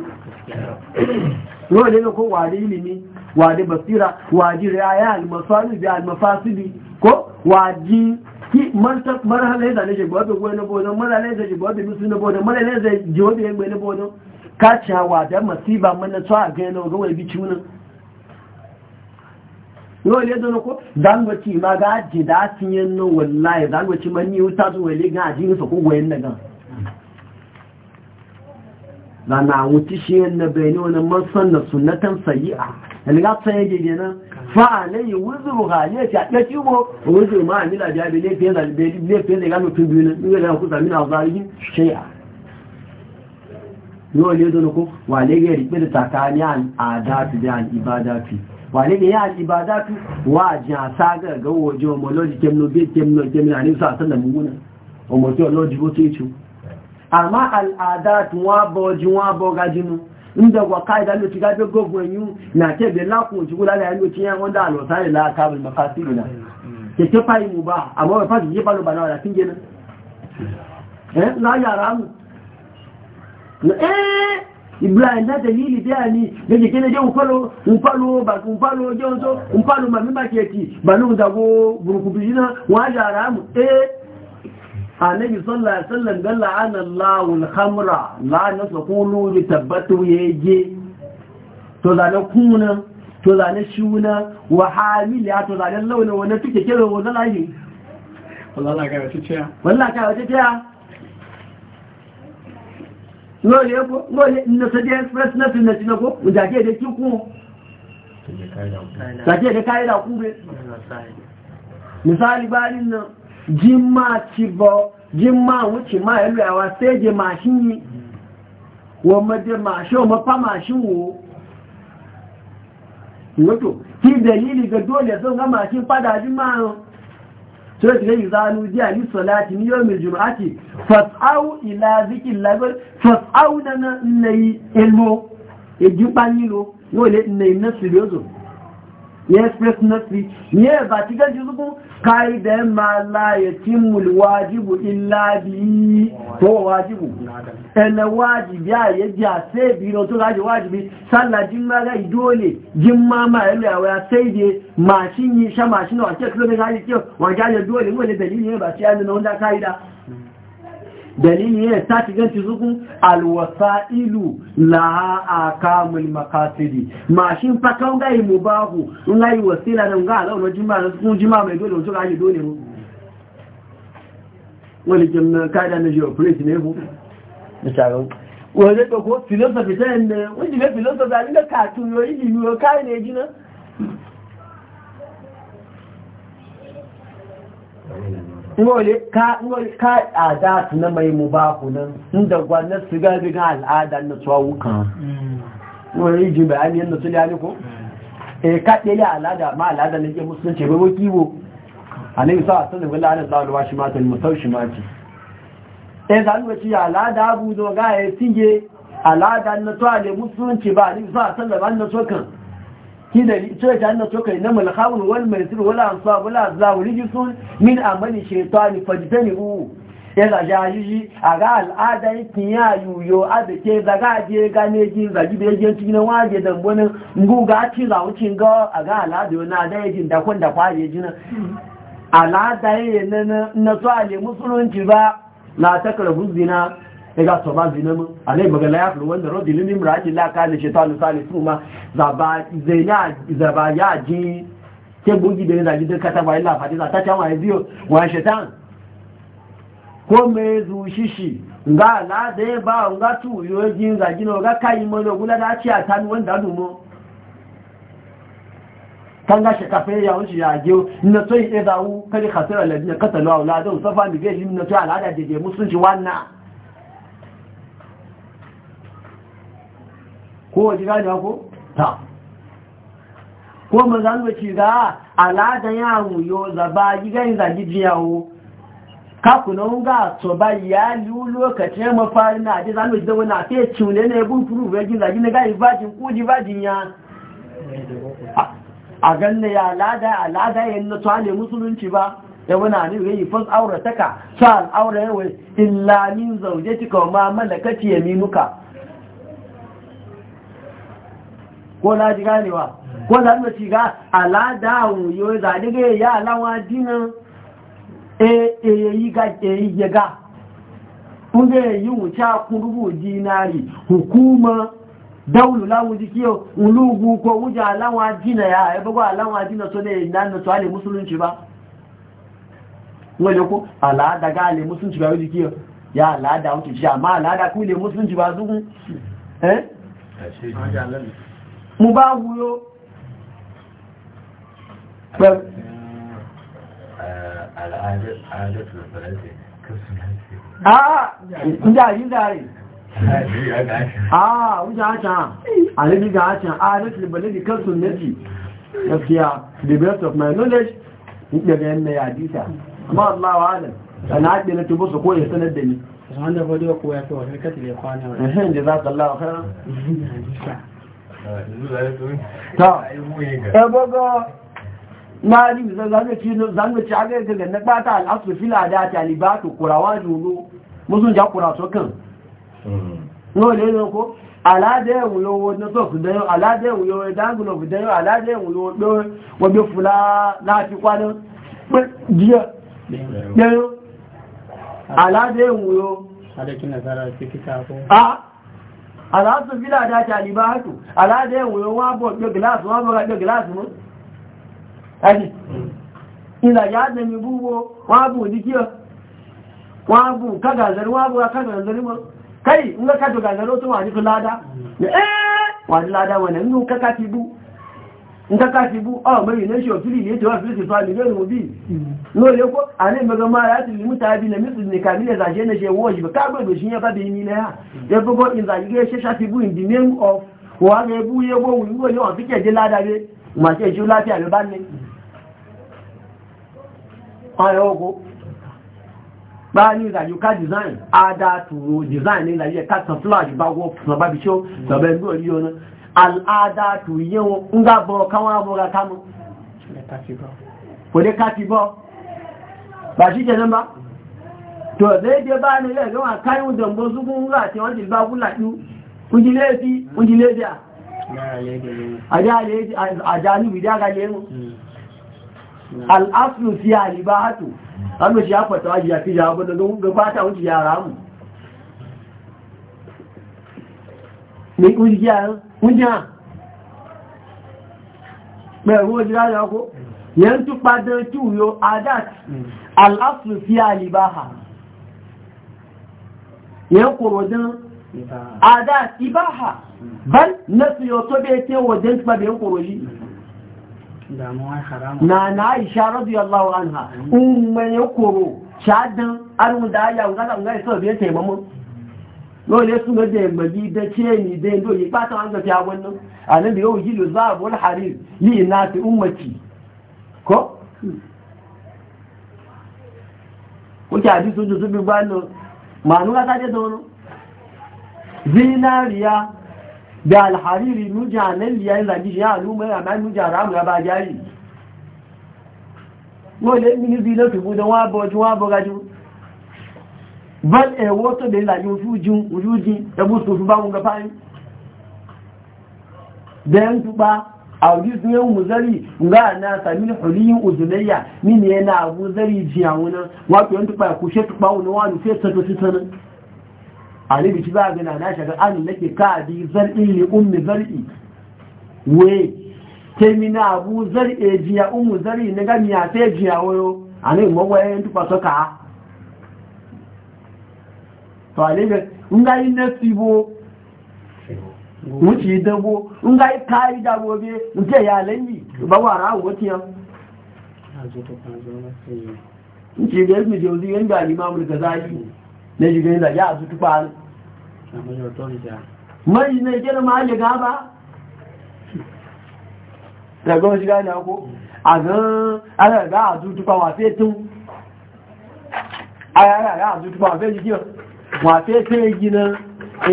Yau da ko ilimi wàdí basira wàdí raya almasalu bi almafasidi ko wàdí ki mantak marhala da ne jibo gwe bodo da jibo musu bodo da jibo da gwe na bodo ka cha wada masiba man na ga bi yo le ko dan ba ma ga ji da no wallahi dan ba man yi uta zo wai ga ji so ko gwe ga na na wuti shi wannan man sunnatan sayyi'a daga tsaye gege nan fa'alai wuzuru haliya ta ɗaci mo wuzuru ma amila biya bi laifin zalibai laifin zai gano tun biyu nan ɗin yana kusa mina zalibin shai'a yau ne zo ko wale ga rikpe da tsakani al'adatu da al'ibadatu wale ga yi al'ibadatu wa jasa ga ga waje homology kemnobe kemnobe kemnobe ne su a sanar muguna homology wato ya ci amma al'adatu wa bọ̀ ji wa ji mu? inda wa kaida lo ti gabe na ke be ti kula la lo ti yan won da lo sare la ka bil mafasilu mm, na mm. ke ke pa imu ba amo pa ti pa lo bana la tin je na eh la ya ram eh ibrahim na dalili bi ani je ke ne je un palo ba un palo je ma mi ke ti annabi sallallahu alaihi wasallam ga la'ana Allahul khamra la'ana sakulu bi tabbatu yaje to zane kuna to zane shuna wa hamila to zane launa wani tuke wani wanda lahi wallahi ka wace ciya wallahi ka wace ciya ngole ko ngole na sadi express na tinna tinna ko ujake da kiku take da kai da kube misali balin nan ma ci bọ́ jimma wuce ma ìlú àwà stéèjì màṣín yìí wọ́n mọ́dé wa wọ́n mọ́pá màṣín wò wato ki dalili ga dole sun ga màṣín padà jimma rán tí ó ti rí ìzánu jẹ́ àní sọ̀láti ní yóò mìí jùmọ́tì fọ́sáù ìlà zikin lagos fọ́sáù nana nnayi ilmo ìjípa nílò wọ́n lè nnayi nọ́sì lóòzò ní express nọ́sì ní ẹ̀bà tí gẹ́jú zukun kaidan ma la ya cimmul wajibu illa bi ko wajibu ena wajibi a ya ji a sai bi na tuka ji wajibi sannan jin maga idole jin ma ma ya lewa ya sai da mashin yi sha mashin wa ke kilomita ya ce wa gajar dole mu ne dalilin ba ce yanzu na wanda kaida dalili ne ta ci ganci zuku alwasa'ilu la akamul makasiri. mashin fa kan ga yi mubahu in ga yi wasila nan ga alawo jima na kun jima mai dole wato ga dole mu wani jin kaida na geopolitics ne ku da sharon da ko philosophy ta ne wanda ne philosophy da ne ka tuyo yi yo kai ne jina ngole ka ngole ka ada na mai ku nan inda gwanna su ga bi ga al'ada na tsawuka ah. ngole ji ba an yanda tuli ko hmm. eh ka dele al'ada ma al'ada ne ke musulunci ba bo annabi sa sallallahu alaihi wasallam Allah shi matan eh, musaushi ci eh zan wuce al'ada bu do ga ya eh, tinge al'ada na tsawale musulunci ba annabi sa sallallahu alaihi wasallam na so kan kidari cewa ta annato kai na malhawun wal maisir wala ansa wala wani rijisun min amani shaytani fajtani hu ya da ajiji a ga al'ada yakin ya yuyo a da ke zaga je gane jin zagi da yajin cikin waje da wani nguga ci za wucin ga a ga al'ada yana na da yajin da kun da kwaje jin al'ada yana na to ale musulunci ba la takrabu zina ga to ba zina mu alai magana ya fi wanda rodi limin raji la kana shaitanu salisu ma zaba zaina zaba ya ji ke gungi da zaji da kata ba illa fadi za ta ta wai biyo wa shaitan ko me zu shishi nga la de ba nga tu yo ji zaji no ga kai mo no gula da ci atan wanda du mo kan gashi kafe ya wuce ya ge na to yi da wu kali khasira ladina qatalu auladan safa bi gaji na to alada da musulunci wannan ko waje gani ko ta ko mun zan ga ci aladan ya mu yo za ba yi gani za ji jiyawo ka ku non ga to ba ya lu lokacin mu fari na ji zan da wani afi ci ne ne bu furu ga ji za ji ne ga ibajin ku ji bajin ya a ganna ya alada alada yin na to tsale musulunci ba ya wani ne ga yi fas aure taka sa aure wai illa min zawjatika wa ma malakati yaminuka ko na ji ganewa ko na nuna ci ga alada wuyo zaɗige ya alawa dinan eyeyi e, ga eyi yaga kunga yi wuce kurubu dinari hukuma daulu lawu jikiyo ulugu ko wuja alawa dina ya ya e bago alawa dina so ne na na so ale musulunci ba wale ko alada ga ale musulunci ba jikiyo ya alada wuce ji amma alada ku ne musulunci ba zugun eh mu bá wúrò pẹ̀lú Ah, wuce haka, alibi ga haka, alif libalidi kan sunnati, koya sanar da ni. Su hannun rodiyo ya kwana wa. Ehem, da za ka Allah wa ta ebogo ci zangaci aga na bata al'asu fila da talibatu kurawa julu musun ja kura so no le no ko alade ehun lowo no so dayo alade ehun dangulo kun dayo alade ehun wo fula na kwano pe dia dayo alade alade aláàtún fílà dájá àlìbá hàtù aláàdé ìwòrán wọ́n bọ̀ gbé gíláàsì wọ́n bọ̀ gbé gíláàsì mú ẹni ìlàjá àdẹ̀mì búwọ́ wọ́n bù ní kí ọ wọ́n bù kágàzẹ̀rí wọ́n bù kágàzẹ̀rí mọ́ kai ń lọ́kàtọ̀ gàzẹ̀rí ó tún wà ní fún ládá ntaka ti bu ọ mẹ́rin lẹ́ṣọ́ fílì ní ìjọba fílì ne alìgbẹ̀rún òbí ní olè kó àní mẹ́gbẹ̀mọ́ láti lè múta bí lẹ́mítù ní kàmílẹ̀ ṣàṣẹ́ ní ṣe wọ́ọ̀ṣì bẹ̀ káàgbẹ̀gbẹ̀ ṣí yẹn fábí ní lẹ́yà yẹ́gbogbo ìzàgígẹ́ ṣẹ́ṣà ti bu in the name of wọ́n ẹbú yẹ́gbó wùgbó ní wọ́n fi kẹ̀dé ládàgbé màṣẹ́ ìṣú láti àlùbá ní ọ̀rẹ́ ogun bá ní ìrìnàjò ká design adá tòrò design ní ìrìnàjò ká sọ fúláàjì bá wọ́ ba bá bí ṣó sọ bẹ́ẹ̀ ní òní na. al'ada tó yé wọn ń gbàgbọ́ káwọn abúra kámú kò dé káfí bọ́ bà sí jẹ́ nọ́mbà tó déédé bá nílẹ̀ lọ́wọ́n káyún dọ̀mbó súnkún rà tí wọ́n ti bá wúlà ní oúnjẹ sí oúnjẹ sí wújá pẹ̀lú ojúlá lọ́kó yẹn tó padà tí yóò adat al'aflu fi alibaha yẹn kòrò dán adat ibaha bal na yóò tó bẹ́ tẹ́ wajen tí padà yẹn kòrò yìí na na aisha radiyallahu anha ya koro shadan ya da ya ngala lóòlé súnmọ́ jẹ ìgbẹ̀bí ìdẹ tí èyí ìdẹ ìdó yìí pátá wọn gbẹ̀fẹ́ àwọn náà àlẹ́bí yóò yìí lò záàbò hàrí ní iná àti ummeti kọ́ ó kí àbí sójú tó bí gbáàlò màánú látàjé dánú zinariya bí alhariri nujan anẹ́lìyà ìlàjíṣẹ́ ya àmà nujan ramu ya bá jáyì lóòlé mínísí lọ́tùkú wa wọ́n wa bọ́ bal be la yin da busu su ba mun ga fayin dan tuba a wuri sun yi muzari ga na sami huliyin uzulayya ni ne yana abu zari jiya wani ya yan tuba ku she tuba wani wani sai ta to tsanan ali bi ba ga na shaga an nake ka bi zar'i li ummi zar'i we na abu zar'i e jiya ummu zar'i ne ga miya sai jiya wayo ani mo ka. tọ́lẹ́gbẹ̀ ńgá iná síbò wọ́n ti dẹ́gbò ńgá káàrí dágbò bí i jẹ́ ìyà lẹ́yìn ìbáwà ara àwọn tí wọ́n ti rẹ̀ ní jẹ́ òsìyẹ́ ńgbà ní máa mọ̀lẹ̀kẹ̀ sáyé lẹ́jìgẹ́ ìlà yá àtútù parí mọ́yí ní ìjẹ́ lọ máa lè gá bá ẹ̀gbọ́n ṣígá a ọkọ́ àgán ara ẹ̀gá àtútù pa wà tun, a ara ẹ̀gá àtútù pa wà fẹ́ jíjẹ́ wafe sai gina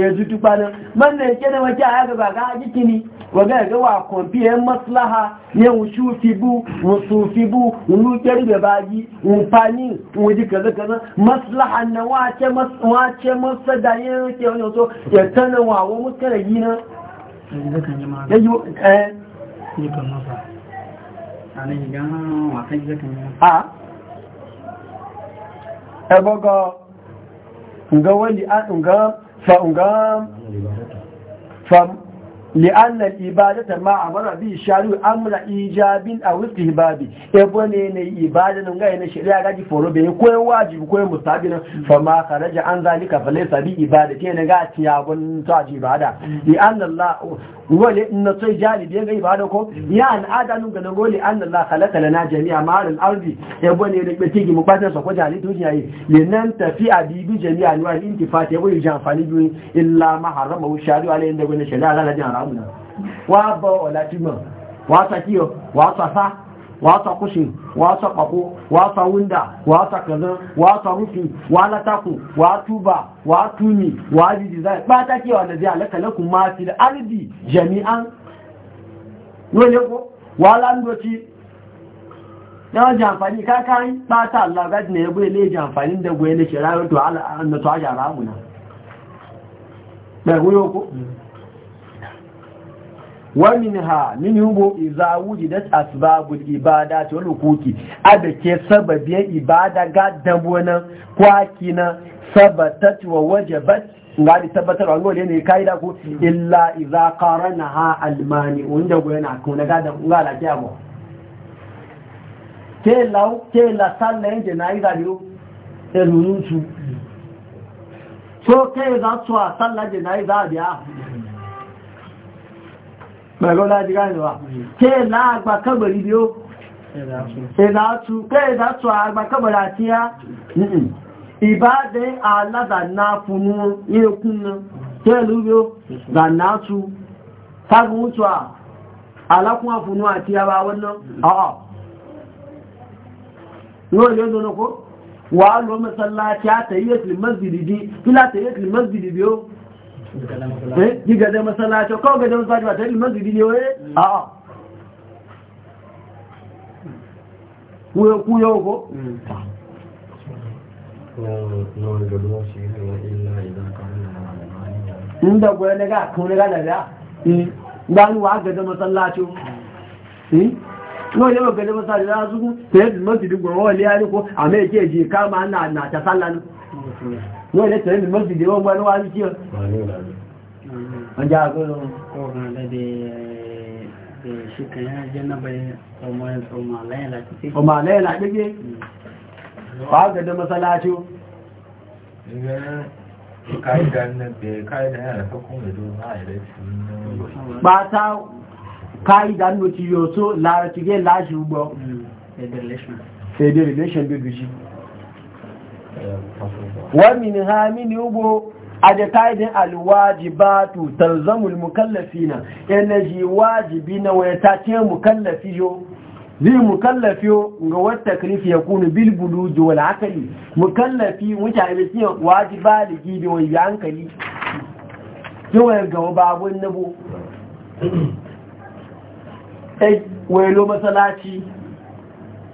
ya ji tukpanin man da yake da wake a yaga ba ga ajiki ne waga ga wa kwamfiyar maslaha ne wushu fibu wusu fibu wulukiyar da baji wufani wuji kaza kaza maslaha na wace masa da yin rike wani wato ya tana wawo muskara gina ya yi eh yi yi gan wasan yi zakan nga wali a nga fa nga fa لأن الإبادة ما أمر به الشارع أمر إيجاب أو استهباب إبني ني إبادة نغاي نشريا غادي فورو بي كو واجب كو مستحب فما خرج عن ذلك فليس بإبادة نغاتي أبن تاجي بعدا لأن الله wale na sai jali da gai ba da ko ya al'ada nun ga gole an Allah khalaqa lana jami'a ma'al al-ardi ya bane da bace mu kwatar sa ko jali yayi le nan tafi bibi jami'a ni wa intifat ya bai jan fani biyu. illa ma harama shari'a alayhi da shari'a àmì wọ́n á bọ́ wa wọ́n wa sàkíyọ̀ wa á wa wọ́n wa sàkúṣe wọ́n á sàpapọ̀ wọ́n á sàwúndà wọ́n á sàkànná wọ́n á sàrúfì wọ́n á da wọ́n á túbà wọ́n á túnyì wọ́n á di design pátákì ọ̀nàdí jamfani ne ya goye ne jamfani da goye ne shirayen to a shara muna. Bai goyo ko? waminha min hubo iza wujidat asbabul ibadati wal hukuki adake sababiyan ibada ga dabona kwakina sabatat wa wajabat ngadi tabbatar wa ngole ne kaida ku illa iza qaranaha almani unda go yana ko naga da ngala kyabo ke law ke la sallan je na ida biyo elunutu so ke za tsua sallan je na ida biya bẹ̀rẹ̀ láti ráìwá tí èlà àgbà kẹgbẹ̀rí bí ó èlà àfúnnú àti yára wọn náà yóò lè dónà kó wà á lọ mẹ́sànlá tí a tẹ̀yẹ́ tìlì mẹ́sìdìdì yi eh? gada masallaci kawai gada masallaci ba ta yi masjidi ne wai a a kuyo kuyo ko inda na ga da ya eh, gani wa masallaci eh? yóò lè tẹ̀lé da ìdílé wọ́n gbọ́n wáyé kí ọjà agbóró ọ̀hún lẹ́dẹ̀ ṣíkẹ̀yà jẹ́ náà ti yóò tó lára ti gẹ́ láṣì ugbọ́ hmm, federation bí gùn wa min ha min yubo a da kaidin alwajibatu talzamul mukallafina energy wajibi na waya ta ce mukallafi yo zai mukallafi ga wata kalifi ya kunu bilbulu ji wal akali mukallafi mutane su yi wajiba da gibi wani hankali yawan gaba babun nabo wailo masalaci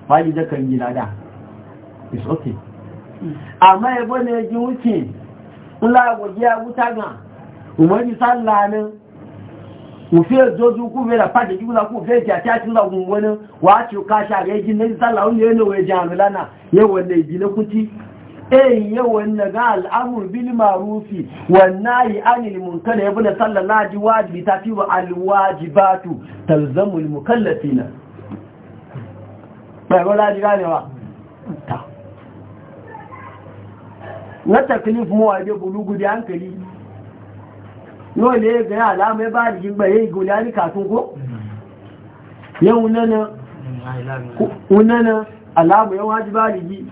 wani da kan gina da it's okay amma ya ne ji wuce ńlá wòjẹ́ awútágàn òmọ́jú sálà ní òfin èdòdó kú mẹ́ra pàdé jùlọ kú fẹ́ jẹ́ àti àti ńlá ogun wọn wà á tí ó káṣà rẹ̀ jí ní sálà na ga al'amur bil marufi wannan yi ya na ji wajibi ta fi wa alwajibatu talzamul mukallafina. Bai wala ji ganewa. na taklif muwa bai bulugu da hankali yau ne ya gaya alamai ba da jimba ya yi gulani kafin ko yau unana alamu ya waji ba da ji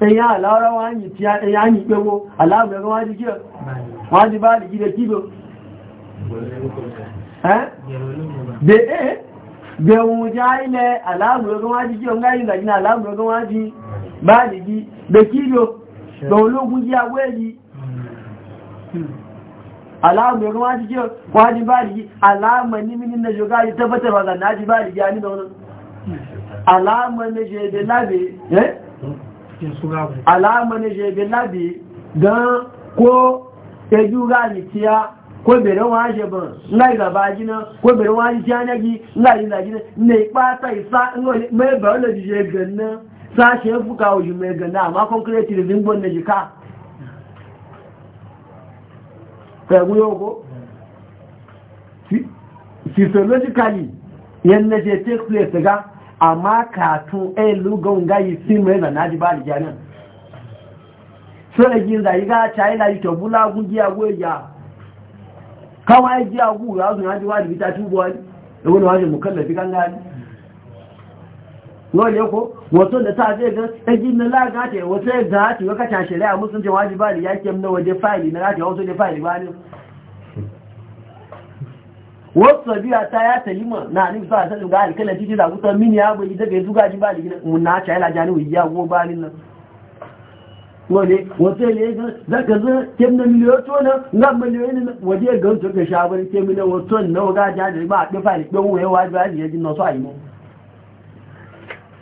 ɗan ya alawar wani tiya ɗan ya yi ɓego alamu ya ga waji jiya waji ba da ji da kibo da eh? e eh? da wuja ile alamu ya ga waji jiya ngayi da alamu ya ga waji ba da ji da kibo da ológun yí awé yìí aláàmù ẹgbẹ́ wájí kí wájí báyìí yìí aláàmù ní mí nínú ṣogá yìí tẹ́bẹ̀tẹ̀ wàgà náà jí báyìí yìí nínú aláàmù ní ṣe èdè lábì gan kó ejú ko bere wa je ban ngai ga ba ko bere na jina ne pa ta isa ngole me ba le sashi ya fuka wa jume gana amma konkreti da na jika ƙagu yau ko? physiologically yadda ce take place ga amma katun ɗayan lugon gayi sin mai zana ji ba da jami'an so da gina zai ga china yi tabbula gugiya goya kawai giya guya zuna ji wa da bita tubuwa wani wajen mukallafi kan gani wane ko wato da ta zai ga ɗagin eh, na lagata wato ya ga hati ya kacin shari'a musulunci wajiba da ke na waje fayili na rata wato ne fayili ba ne wasu biya ta ya sayi ma na alif sa sanin ga alkalan titi da kusa mini ya bai daga yanzu gaji ba da mun na cha ila jani ya goba ba ni nan wane wato ne ga zaka zai kem na miliyo to nan na miliyoyi ne waje ga to ga shabar kin na wato na waga jani ba da fayili don waye wajiba ya ji na a yi mu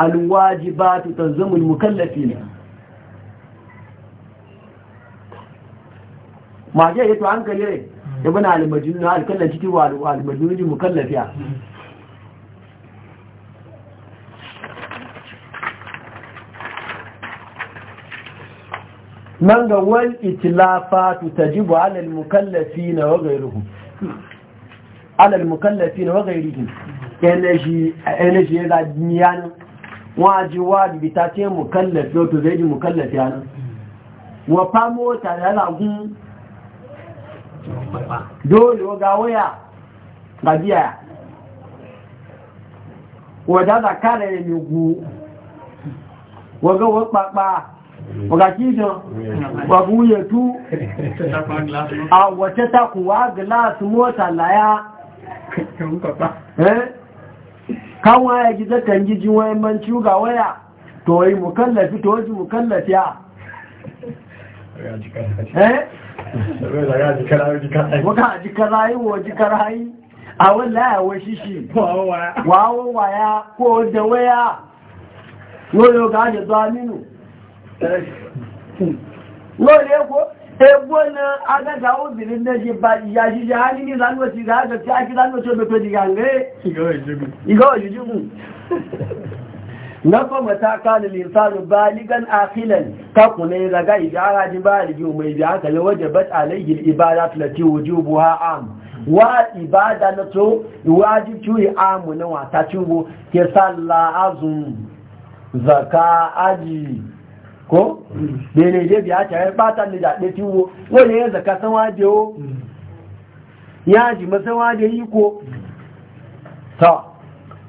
alwajibatu tanzimul mukallafina ma je yato hankali ne ibn al-majnun al ciki ti wa al-majnun mukallafiya Nan ga wal itlafatu tajibu ala al-mukallafina wa ghayruhum ala al-mukallafina wa ghayruhum energy energy da duniya wajibi ta ce mukallafi yau to zai ji mukallafi ya nan wa famo ta da ragun dole ga waya ga biya ya wadda za ka da ya nugu waga wa kpakpa waga kisho wabu ya tu a wace ta kuwa glas mota na ya kan waya ji zakan ji jin wayan manci ga waya to yi mukallafi to yi mukallafi ya waka eh? ji rayu wa ji rayu a ya wa shishi Wawon waya ko da waya yoyo ga da zuwa minu lole ko ebo na agaga obìnrin náà ṣe bá ìyà ṣíṣe á ní ìlànà ti rà àgbà tí a kí lánà tí ó bẹ̀rẹ̀ ìyà ń rẹ̀ ìgọ́ òjújúmù lọ́pọ̀ mọ̀tàkà ní lìfàánù bá lígan àkílẹ̀n kakùnlẹ̀ raga ìdára ba bá rí omi ìdí àkàlẹ̀ wọ́jẹ̀ bẹ́ àlẹ́yìn ibada tìlẹ̀tí wuju bu ha am wá ìbáda na tó ìwájú tí amu yí àmù náà ke kẹsàlá azùn zaka aji. ko bene je biya ta ba ta ni da ɗaya tiwo wani ya zaka san waje o ya ji ma san waje yi ko ta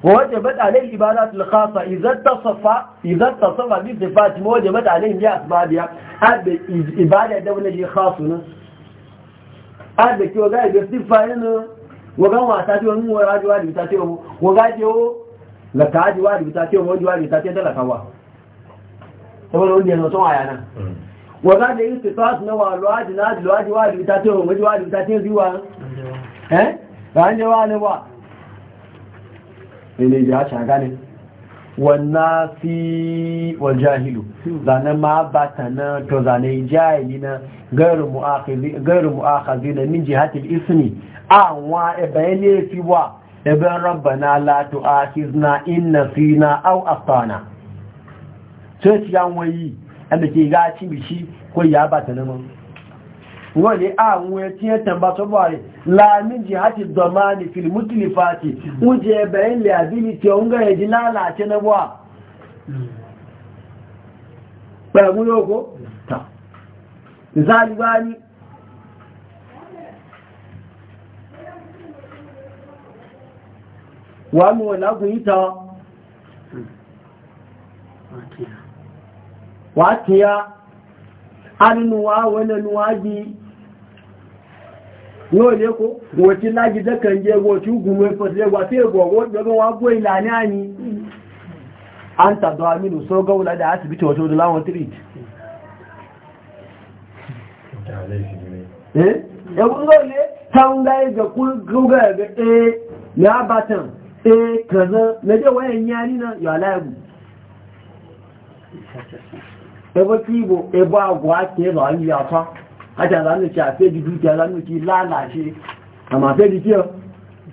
waje ta lai ibadatul khassa idan tasaffa idan tasaffa bi sifati ma waje bata alai bi asbabiya abbe ibada da wani je khassu ne abbe ki wa ga sifa ne waga wata ti wani wara ji wa ta ce ga je o la ta ji wa ta ce waga ji wa ta ce da la kawa saboda wanda yanzu sun waya mm. wa za da yi su na wa luwaji na luwaji wa luwita ta maji wa eh ba an ne ba ne ya shaga ne wannan fi wal zanen ma ba ta nan to zane jahili na gairu mu'akazi na min jihatil ismi an wa ebe ne fi wa ebe rabbana la tu'akizna in nasina aw sai ci yawon yi ẹni ke ga ci bishi ko ya ba ta naman wọ́n ni a wọ́n tí yẹn sọ́bọ̀ rẹ̀ láàmín jì dọ̀má ní filimutu fati wọ́n jẹ ẹ̀bẹ̀ ilẹ̀ àbílítì ọ̀ngá ẹ̀dí lálàáṣẹ́ na wà pẹ̀lú yóò ta wakiya annuwa wani nuwaji yóò lé kó wòtí lájí dẹ́kàn jẹ́ wòtí gùnmọ̀ ìfẹ̀sẹ̀gbà tí ègbò gbogbo wọn gbó ìlà an tàbí aminu só gáwùlá da asibiti wàtí odò láwọn tírìtì ẹgbùn yóò lé táwọn gáyé ga kúrúgá ẹgbẹ́ ẹ̀ẹ́ ní abatan ẹ̀ẹ́ kàzán ya wọ́n ebe kibo ebe agwa ke ba yi afa aja za mu ci afi di dukiya za mu ci lalace amma fe di kiyo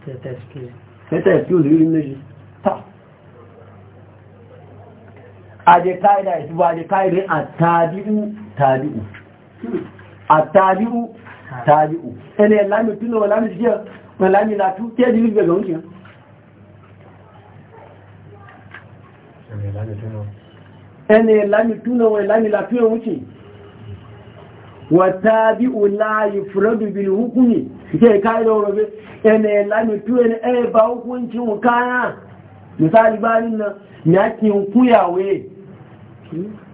ta ta excuse yi ne ta aje kaida isi ba aje kaida a tabi'u tabi'u ene lami tuno tu ke di libe ga wuce ẹni lámì túnà wọn lámì láfíà wúkì wata bí o láàyè fúrọ́dù bí i hukumi ṣe káàrẹ ọ̀rọ̀ bí ẹni lámì túnà ẹ bá hukunci misali bá ni a kí n kúyàwó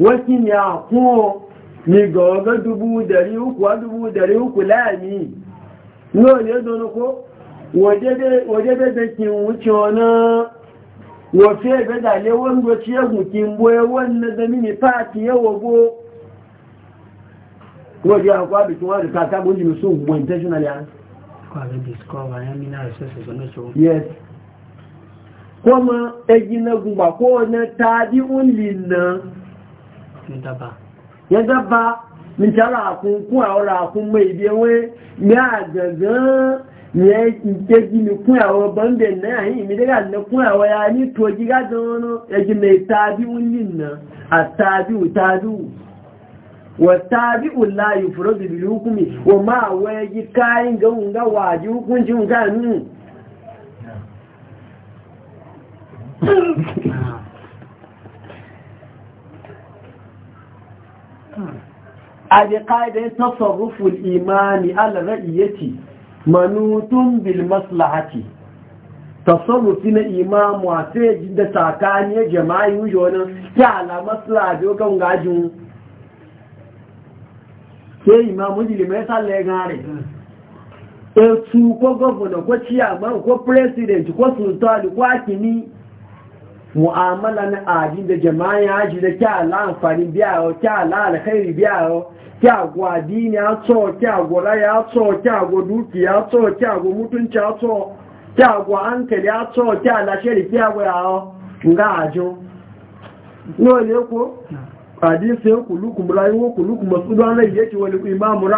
wọ́n kí ni a ni gọ̀ọ̀gọ́ dubu dari uku dubu dari uku láàmì ní òní ẹ̀dọ́nukó wọ́n jẹ́ bẹ́ẹ̀ kí n wúkì ọ wafe ga dale wanda ci ya gukin boye wannan mini fati ya e wago kuma ji bikin wani kaka gunji musu mu intentional ya ah. kwabe discover ya eh, mina resources on so yes kuma egi na gumba ko na tadi unlin na ndaba ya daba min tara kun ku awra kun mai biye we ya gaga yẹ ìjẹ́jì ní fún àwọn bọ́m̀bẹ̀ náà yìí mìíràn ní fún àwọn ya ní tòjí gádùn ọ̀nà ẹjìnlẹ̀ ìtàbíwú nìna àtàbíwú tàbíwú wàtàbíwú láàyè fúrọ́bìbìrì hukumi wọ máa wọ ẹjì káyín gahun ga wàájí hukunci nǹkan nù àdìkáyẹ̀ tọ́sọ̀rọ̀fù ìmáà ní alàrẹ̀ ìyẹ́tì manutun bil maslahati tasarrufi na imamu a sai da tsakaniyar jama'i wuce wani ta ala maslaha biyu kan gajin sai imamu jilimai sallaye gare etu ko gọvanọ ko chairman ko president ko sultan ko akini mu'amala na aji da jama'a ya ji da kya la amfani biyawo kya alkhairi biyawo kya gwa ya so kya gwa ya so kya duki ya so kya mutunci ya so kya hankali ya so kya la shari ya ya nga ajo no le ko hadisi ku ku imam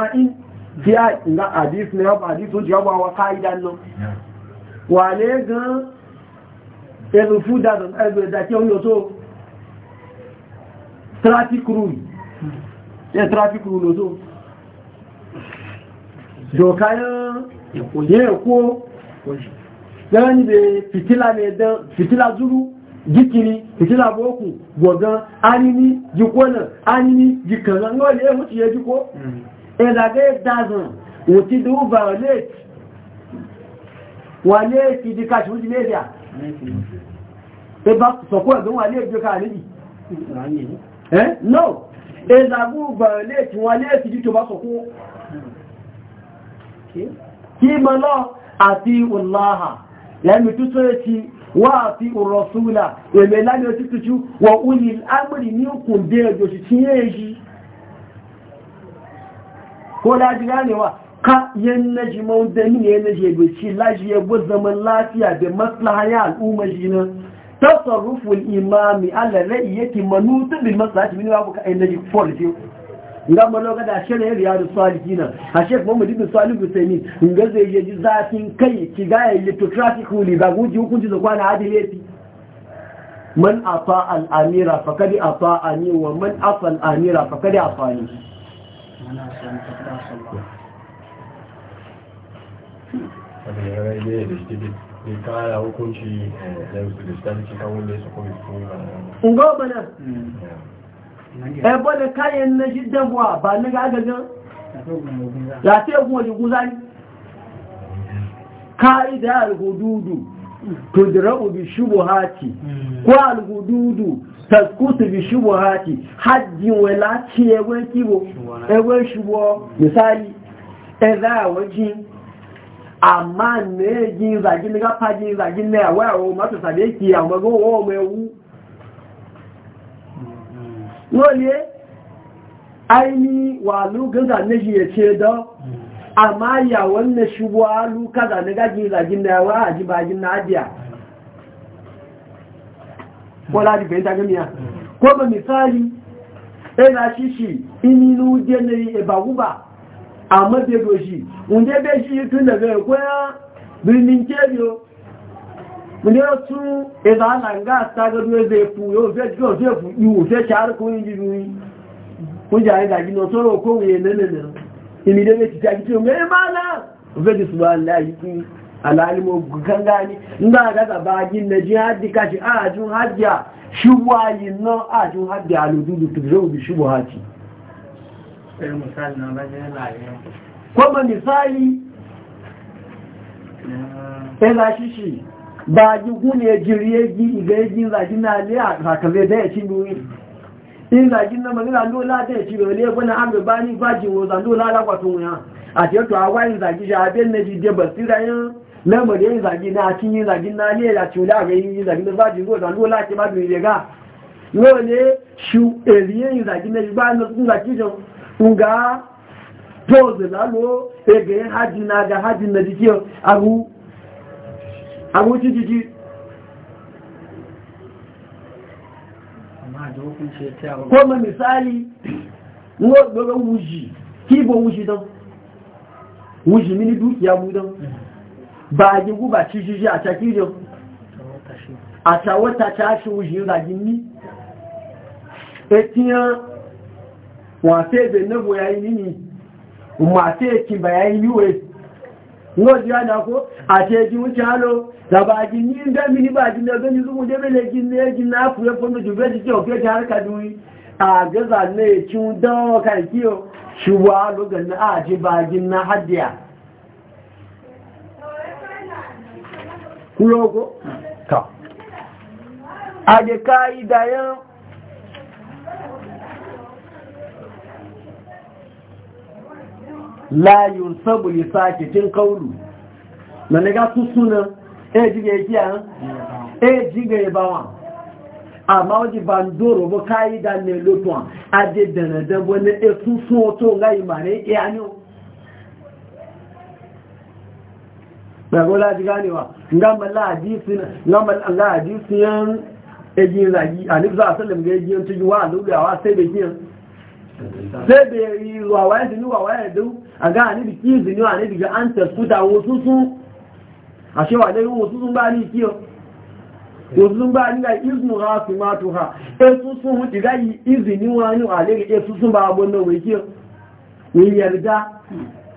nga hadisi ne ba hadisi sun ji wa no gan ẹgbẹ̀ fúdàdà ẹgbẹ̀ ìdàkí ọ̀nà tó traffic rule ẹ traffic rule tó jọkayan yẹ ẹ̀kọ́ gẹ́gẹ́ níbi fìtílà zuru jikiri fìtílà bókù gbọ̀gán anini jikọ́nà anini jikànlá ní ọ̀lẹ́ ẹ̀mú ti yẹ jikọ́ ẹ̀dàgẹ́ dazan òtí dúbà lẹ́ẹ̀kì wà lẹ́ẹ̀kì di kàṣíwú di lẹ́ẹ̀dà ẹgbà sọ̀kọ́ ẹ̀gbọ́n wà lé ẹjọ́ káàrí yìí ẹ́ no ẹzàgbó bẹ̀rẹ̀ lé tí wọ́n lé ẹ̀sì jítò sọ̀kọ́ kí mọ́ lọ àti ìwòláhà lẹ́mì tó tó ẹ̀kí wà àti ìrọ̀súlà èmì láni ka yan naji maudani ne na jebe shi laji ya bu zaman lafiya da maslaha ya al'umma shi nan tasarruful imami ala ra'iyati manutu bil maslahati min babu ka yan naji policy nga malo ga da shirya riya da salihina a shek muhammad ibn salih husaini nga zai je ji zafin kai ki ga ya litographic huli ga guji hukunci da kwana adileti man afa al amira faqad afa ani wa man afa al amira faqad ni? ya rage da shi kaya hukunci da musulunci kan wanda ya sako mai ba na ebe da kayan na jiddan buwa ba na gagagen ya ce kuma yi guzari ka'ida al-hududu tudra'u bi shubuhati hmm. ko al-hududu taskutu bi shubu shubuhati hajji wala ce ewe kibo ewe shubo misali a àwọ́jìn amma ne jin zagin ni gafa jin zagin na yawa yawa masu sabe ki a mago mm-hmm. wa mai wu nole aini walu, lugun zane shi ya ce da mm-hmm. amma ya wannan shi kaza ne zane gajin zagin na yawa a jibajin na adiya ko ladi fahimta gamiya ko ba misali ɗaya shi shi ininu jenari ebaguba amma bai doshi wunde bai shi tun daga ya koya birnin kebio wunde su idan langa ta gado ya zai fu yau zai jikin zai fu iwu zai shahar kowin jiruri kunja ya gaji na tsoro ko wuye nanana imi da mai cita gice mai mana zai ji su ba layi ki alalimo kan gani ga ji haddi kashi a nan tuzo bi Kuma misali ela shishi ba jikuni ya jiriyegi igayeji zaki na liya hakabe da ya ci duwi in zaki na magana lola da ya ci duwi ne gwana an gaba ni fajin wazan lola lagwatun wuya a teku hawa yin shi, zaki shahabin na jide basira yin lamar yin zaki na cin yin zaki na liya ya ci wula ga yin zaki na fajin zan lola ke ma duwi ga yau ne shi eriye yin zaki na shi ba na sun zaki jan nga pose lalo ege haji na ga haji na jikiyo agu agu ti jiki ko ma misali ngo dogo wuji ki bo wuji don wuji mini dukiya mu don mm-hmm. ba ji guba ci jiji a takiro a tawata tashi wuji ragin ni etiyan wàtí èdè nẹ́bù ya yìí nìyí wàtí èkìbà ya yìí wé lọ́dí àdàkó àti èjì ń ṣàlọ́ làbàájì ní ìdámi níbàájì ní ọgbẹ́ ní ṣúgbù débèlè jì ní ẹjì náà fúrẹ́ fọ́nà jù bẹ́ẹ̀ jẹ́ ọ̀fẹ́ la yunsabu li sakitin qawlu na naga susuna e diga yake an e diga yabawa amma waje bandoro bo kai da ne a? ade dana da wani e susu to ngai mare e anyo dago la diga ne wa ngamba la hadisi ngamba la hadisi yan e jin zagi anif za sallam ga jin e tuji wa lugawa sai da jin sai da yi ruwa wa yanzu ruwa wa yanzu a ga anibi kí ìzìnú anibi ga an tẹ̀sùdà wo tuntun wa lẹ́yìn wo tuntun bá ní kí o wo tuntun bá nígbà izini ha fi máa tó ha esusun ti gáyì ìzìnú wa ní wà lẹ́yìn esusun bá agbó náà wèé kí o wèé yẹrìdá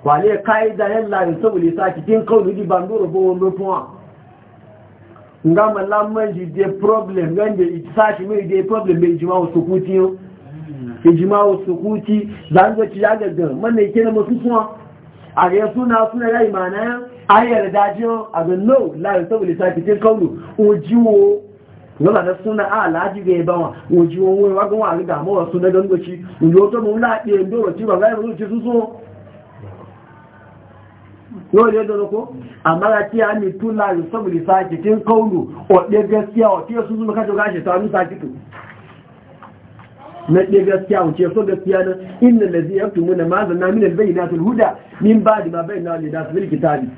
wa lẹ́yìn káyídá yẹn láàrin sọ́bùlì sáà kìtí ń kọ́ lójú bàndóró bó wọn ló fún wa nga malaman ji de problem gande ita shi mai de problem bai jima wasu kutiyo ijma'u sukuti zan ga ciya gaga man ne ke na musu kuma a ga suna suna rai mana ayar dajiyo a ga no la ya sabu lissafi tin kaulu ojiwo lọ́la ní súnà àlájì rẹ̀ bá wọn òjì ohun ìwágún wà ní dàmọ́ ọ̀sún lẹ́dọ́ nígbòchí ìlú tó mú láàpẹ̀ ẹ̀mí ọ̀rọ̀ tí bàbá ìrìn òjì súnsún lórí ẹ̀dọ́nukú àmára tí a ní túnlá ìsọ́bùlì sáàkì tí ń kọ́ òlù ọ̀dẹ́gẹ́ sí ọ̀ tí ó súnsún mẹ́kájọ́ gáṣẹ̀ tó na ɗaya gaskiya wuce so gaskiya na inna lazi ya tumu na mazan na minar bai na huda min ba da ma bai na wale da su bilki tabi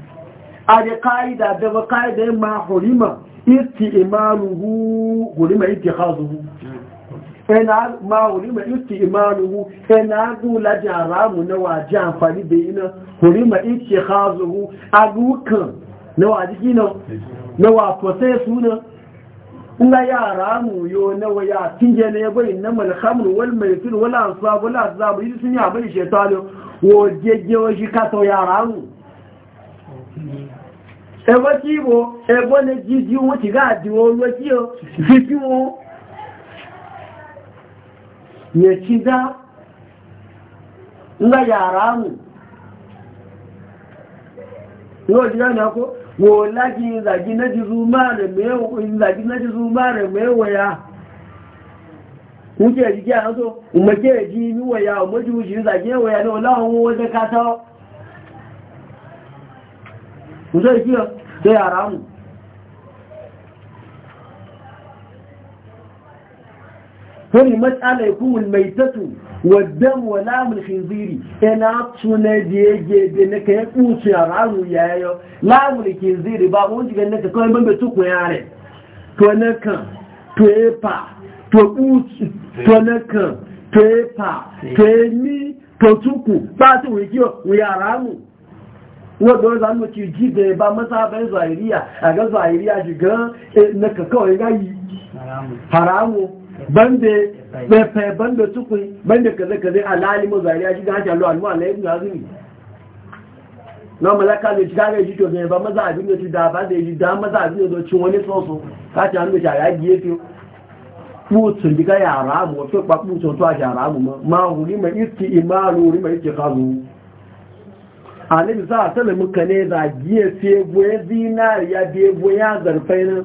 a da ka'ida da ba ka'ida yin ma hurima isti imanuhu hurima isti khasuhu ina ma hurima isti imanuhu ina gula jaramu na waje amfani da ina hurima isti khasuhu a dukan na waje kina na wa fosai suna. na yara mu yo na waya tinje ne bai na mal khamr wal maisir wal ansab wal azab yi sun ya bai shaytanu wo jeje wo shi ka to yara mu e wa ti wo e bo ne jiji wo ti ga di wo lo ti o fi ti wo ye ti da na yara mu yo ji na ko ko laki zagi na jizu mara mai na waya kuke jiki a so umake ji ni waya umaji wuce zagi waya ne wala hawo wajen kata kusa jiki da yara mu wani matsala ya kuma mai tatu wadda wala mun ziri, ina tsune da ya gede na kai kusa ya ramu ya yayo la mun khinziri ba mun ji ganin ka kai ban bai tuku yare to na kan to epa to kusa kan to epa to ni tuku ba su wi kiyo wi ya ramu wa do za mu ki ji da ba masa bai zairiya a ga zairiya ji ga na ka kai ga yi haramu bande pepe bande tukui bande kaza kaza alali mo zari aji ga hajalo almu alai ibn azimi na malaka ne shiga ga jito ne ba maza abin da da ba da ji da maza abin da cin wani soso ka ta hannu ta ya giye fi putu diga ya arabu to pa putu to aja arabu ma ma huri ma isti imalu huri ma isti khazu alim sa salamu kane da giye fi gwe zinariya biye gwe ya zarfaina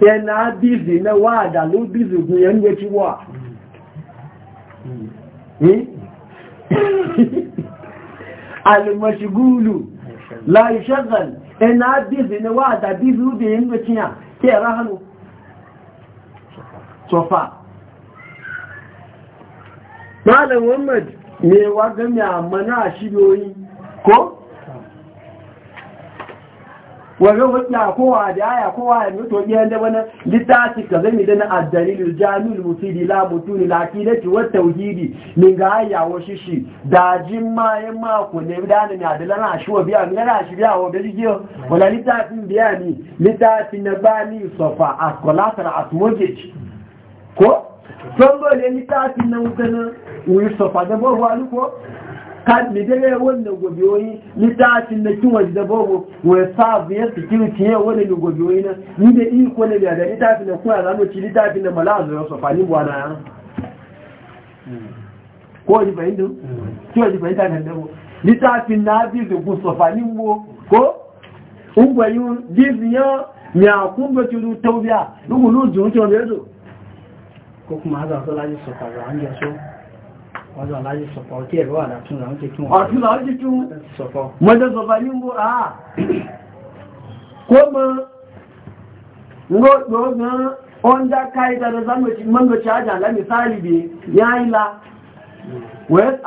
sai na bizi na wada lo bizi gunyan ya ci wa almashigulu la yashghal ina bizi na wada bizi gunyan ya ci ya ke rahanu sofa malam muhammad me wa ga me amana shiyoyi ko wani hujja kowa da aya kowa ya mutu biyan da wani littafi ka zai midana a dalilin jami'ul mufidi la mutuni la kidati wata tauhidi min ga aya wa shi da jin ma mako ne da na ya dalana a shi wa biya min shi biya wa da wala littafin biya ni littafi na bani sofa a kolatar a mortgage ko sanbo ne littafin na wutana wuri sofa da bawa ko kan mi dare wannan gobiyoyi litafin na kin da babu wai sabu ya ya wannan gobiyoyi na ni da iko ne da na kuma zamu ci na ya sofani ya ko ji na bi da ku sofani ko mi tawbiya lu ko kuma haza so so ọdún aláàjì sọ̀pọ̀ ọtí ẹ̀rọ àdàtún làwọn jẹ́ kí wọ́n ọ̀tún làwọn jẹ́ kí wọ́n sọ̀pọ̀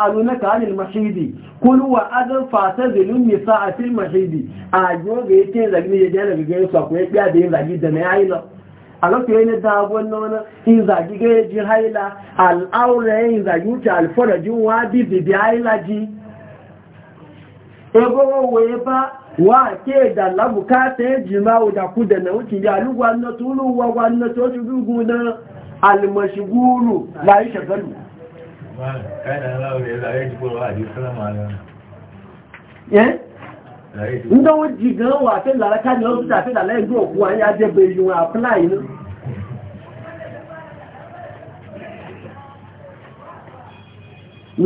da ya anil mashidi kulwa adan fata zilun a fil mashidi a yau ga yake zagi ne ya jana ga gaisu akwai ya da yin zagi da na ya yi la a lafi yana da wannan in zagi ga yaji haila al'aura yin zagi wuce alfarajin wa bi bi haila ji ego waye ba wa ke da labuka ta yi jima'u da ku da na wuce ya lugwa na tulu wa gwanna to ji gugu na almashiguru la yi shagalu Yeah? ń dánwó jì gan wà fẹ́ lára káàdì ọ́fíìsì àfẹ́dà lẹ́gbẹ́ òkú àyà jẹ́bẹ̀ ìlú àpíláì na.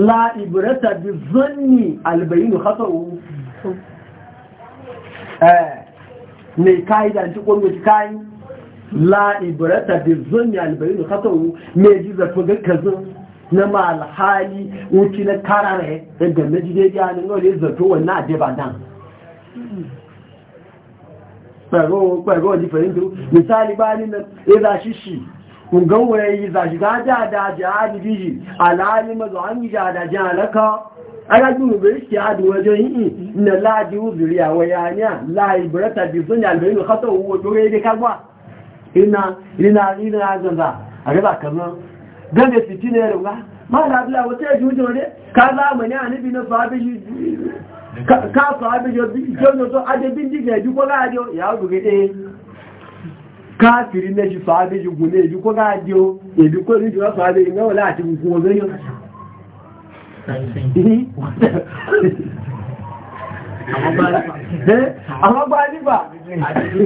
la ìbẹ̀rẹ̀ta bí zọ́nì albẹ̀yìnù kásọ̀wó mai kayi da ci kwanwe ci kayi la ibrata bi zunni albayin khatawu me ji da fuga na mal hali wuci na karare da e na jide ya na ngole zato wannan na dan ƙwararwa diferentu misali bayanin nan ya zashi shi ƙungan wayayi zashi ta jada jihadi biji alhali mazu an yi jada jihalaka alagbun bai shi hadu yi na laji uzuri a yi ma na káàkọ̀ abẹ́jọ́ adébí dìgbẹ̀ ẹjú kó láàájọ́ ìyàwó gẹ̀gẹ̀ na káàkiri lẹ́ṣù sọ abẹ́jọ́ gùn lé ẹjú kó láàájọ́ èdè kó ní ìjọba sọ abẹ́jọ́ ìnáwó láti gùn wọn lẹ́yọ́ àwọn bá nígbà bí gùrù àti tí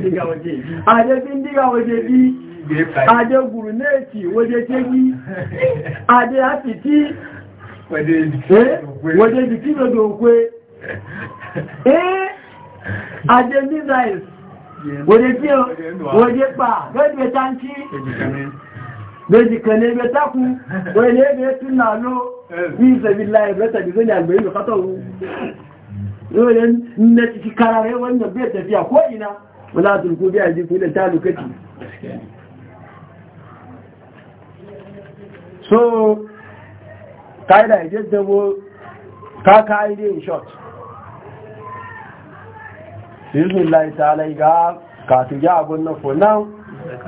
jù kí lọ́dọ̀ eh ajé missiles wòdé tí o wòdé pa lóòdé tánkí lóòdé kẹ̀lé ẹgbẹ́ tákù wòdé ẹgbẹ́ tún náà ló ní ìsẹ̀bílá ẹgbẹ́ tẹ̀lé ní ní ti fi kára rẹ̀ wọ́n nàbí so kaida ije dabo ka in short izin lai ta lai ga katu ya abun na nan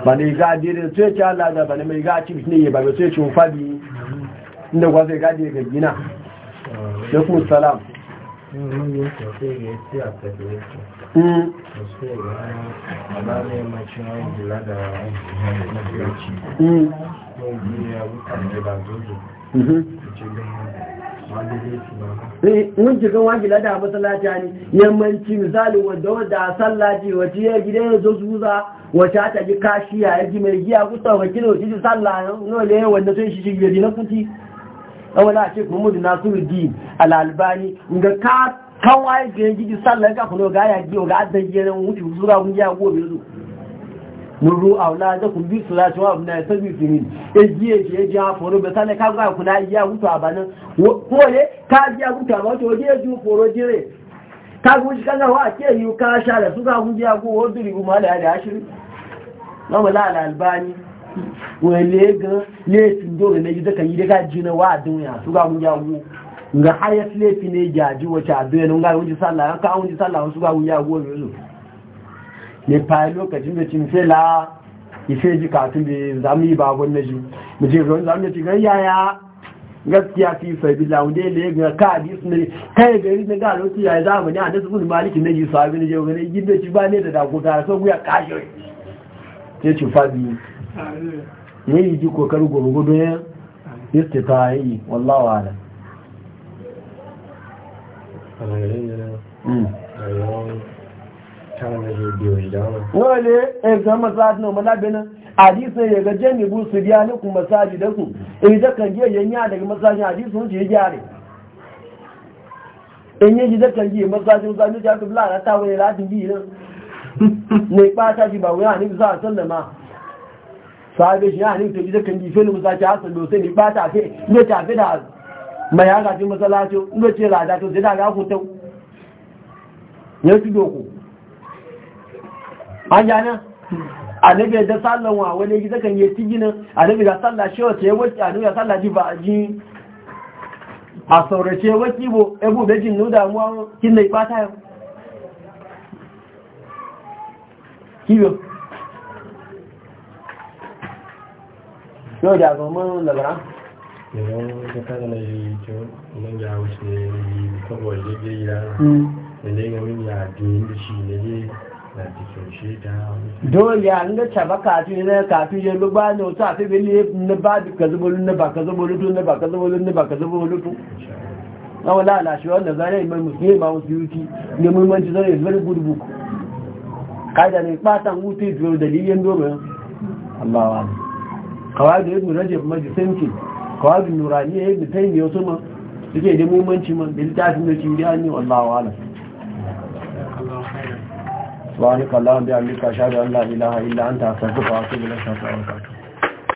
ba ne ga dire ce ta Allah da ba ne mai ga ci ne ba ba ce fadi inda kwa ga dire ga gina ku salam Mm-hmm. Eh, mun ci kan wajila da masallaci ne yammanci misali wanda wanda sallaci wace ya gida ya zo zuza wace ta ji kashiya ya ji mai giya kusa wa kilo ji sallah le wanda sun shi shi na kuti a wani ce kuma mudu na suru di al'albani ga ka kawai ga ya ji salla ga kuma ga ya ji ga addan gidan wuce zura kun ya gobe zuwa nuru auladakum bi salati wa abna sabifin ejiye je je aforo betale ka ga kuna iya hutu abanan ko ye ka ji hutu abawo to je ju foro jire ka gu shi kaga wa ke yi ka sha da su ga gu ji agu o duri gu mala da ashiri na mala al albani wele ga le tin do ne ji da kan yi da ga ji na wa dunya su ga gu ya gu nga hayat le ne jaji wata abu ne nga wuji sallah ka ji sallah su ga gu ya gu yanzu ne fayi lokacin da cin sai fela ife ji katun da zamu yi babon na ji mu je ruwan zamu ci gan yaya gaskiya fi sai bi lawo dai le ga ka bi hadis ne kai ga ni ga lokaci ya zamu ne da su maliki ne ji sahabi ne je ga ne gidda ci ba ne da da gota so guya ka kashe ce ci fabi ne yi ji ko kokarin gurgudu ne istita'i wallahu Mm. Mm. wale in zama sa'adu na eh, malabina hadisai ya ga jami su biya ni kuma sa'adu da ku in eh, da kan je yanya daga masajin hadisi sun ce gyare in yi da kan je masajin zanu ja ku la ta wani ladin bi nan ne ba ta ji ba a sallama sahabe shi to sai da ga ya fi doku hanyar annabi da sallan wa wani gida kan yi tigina annabi da sallah shewa ta yawanci annabi da sallah ji ba a ji a saurace waki bo ebu da jin nuda mu kin da ibata ya kiyo yau da zama labaran yawon bara da na yi to mun ga wuce ne saboda yaje ya ne ne ga mun ya da shi ne don ya nga caba kafin na kafin ya lugba ne wata fi bili na ba ka zubo na ba ka zubo lutu na ba ka zubo lutu na ba ka zubo lutu na wala alashi wanda zane mai musulmi ma wasu yuki ne muhimmanci zane very good book kaida ne fatan wuce zuwa dalilin domin Allah wa ne kawai da ibn rajab majisanci kawai da nuraniya ibn taimiyya ma suke da muhimmanci man da littafin da بارك الله بأمريكا أشهد أن لا إله إلا أنت أستغفرك وأتوب إليك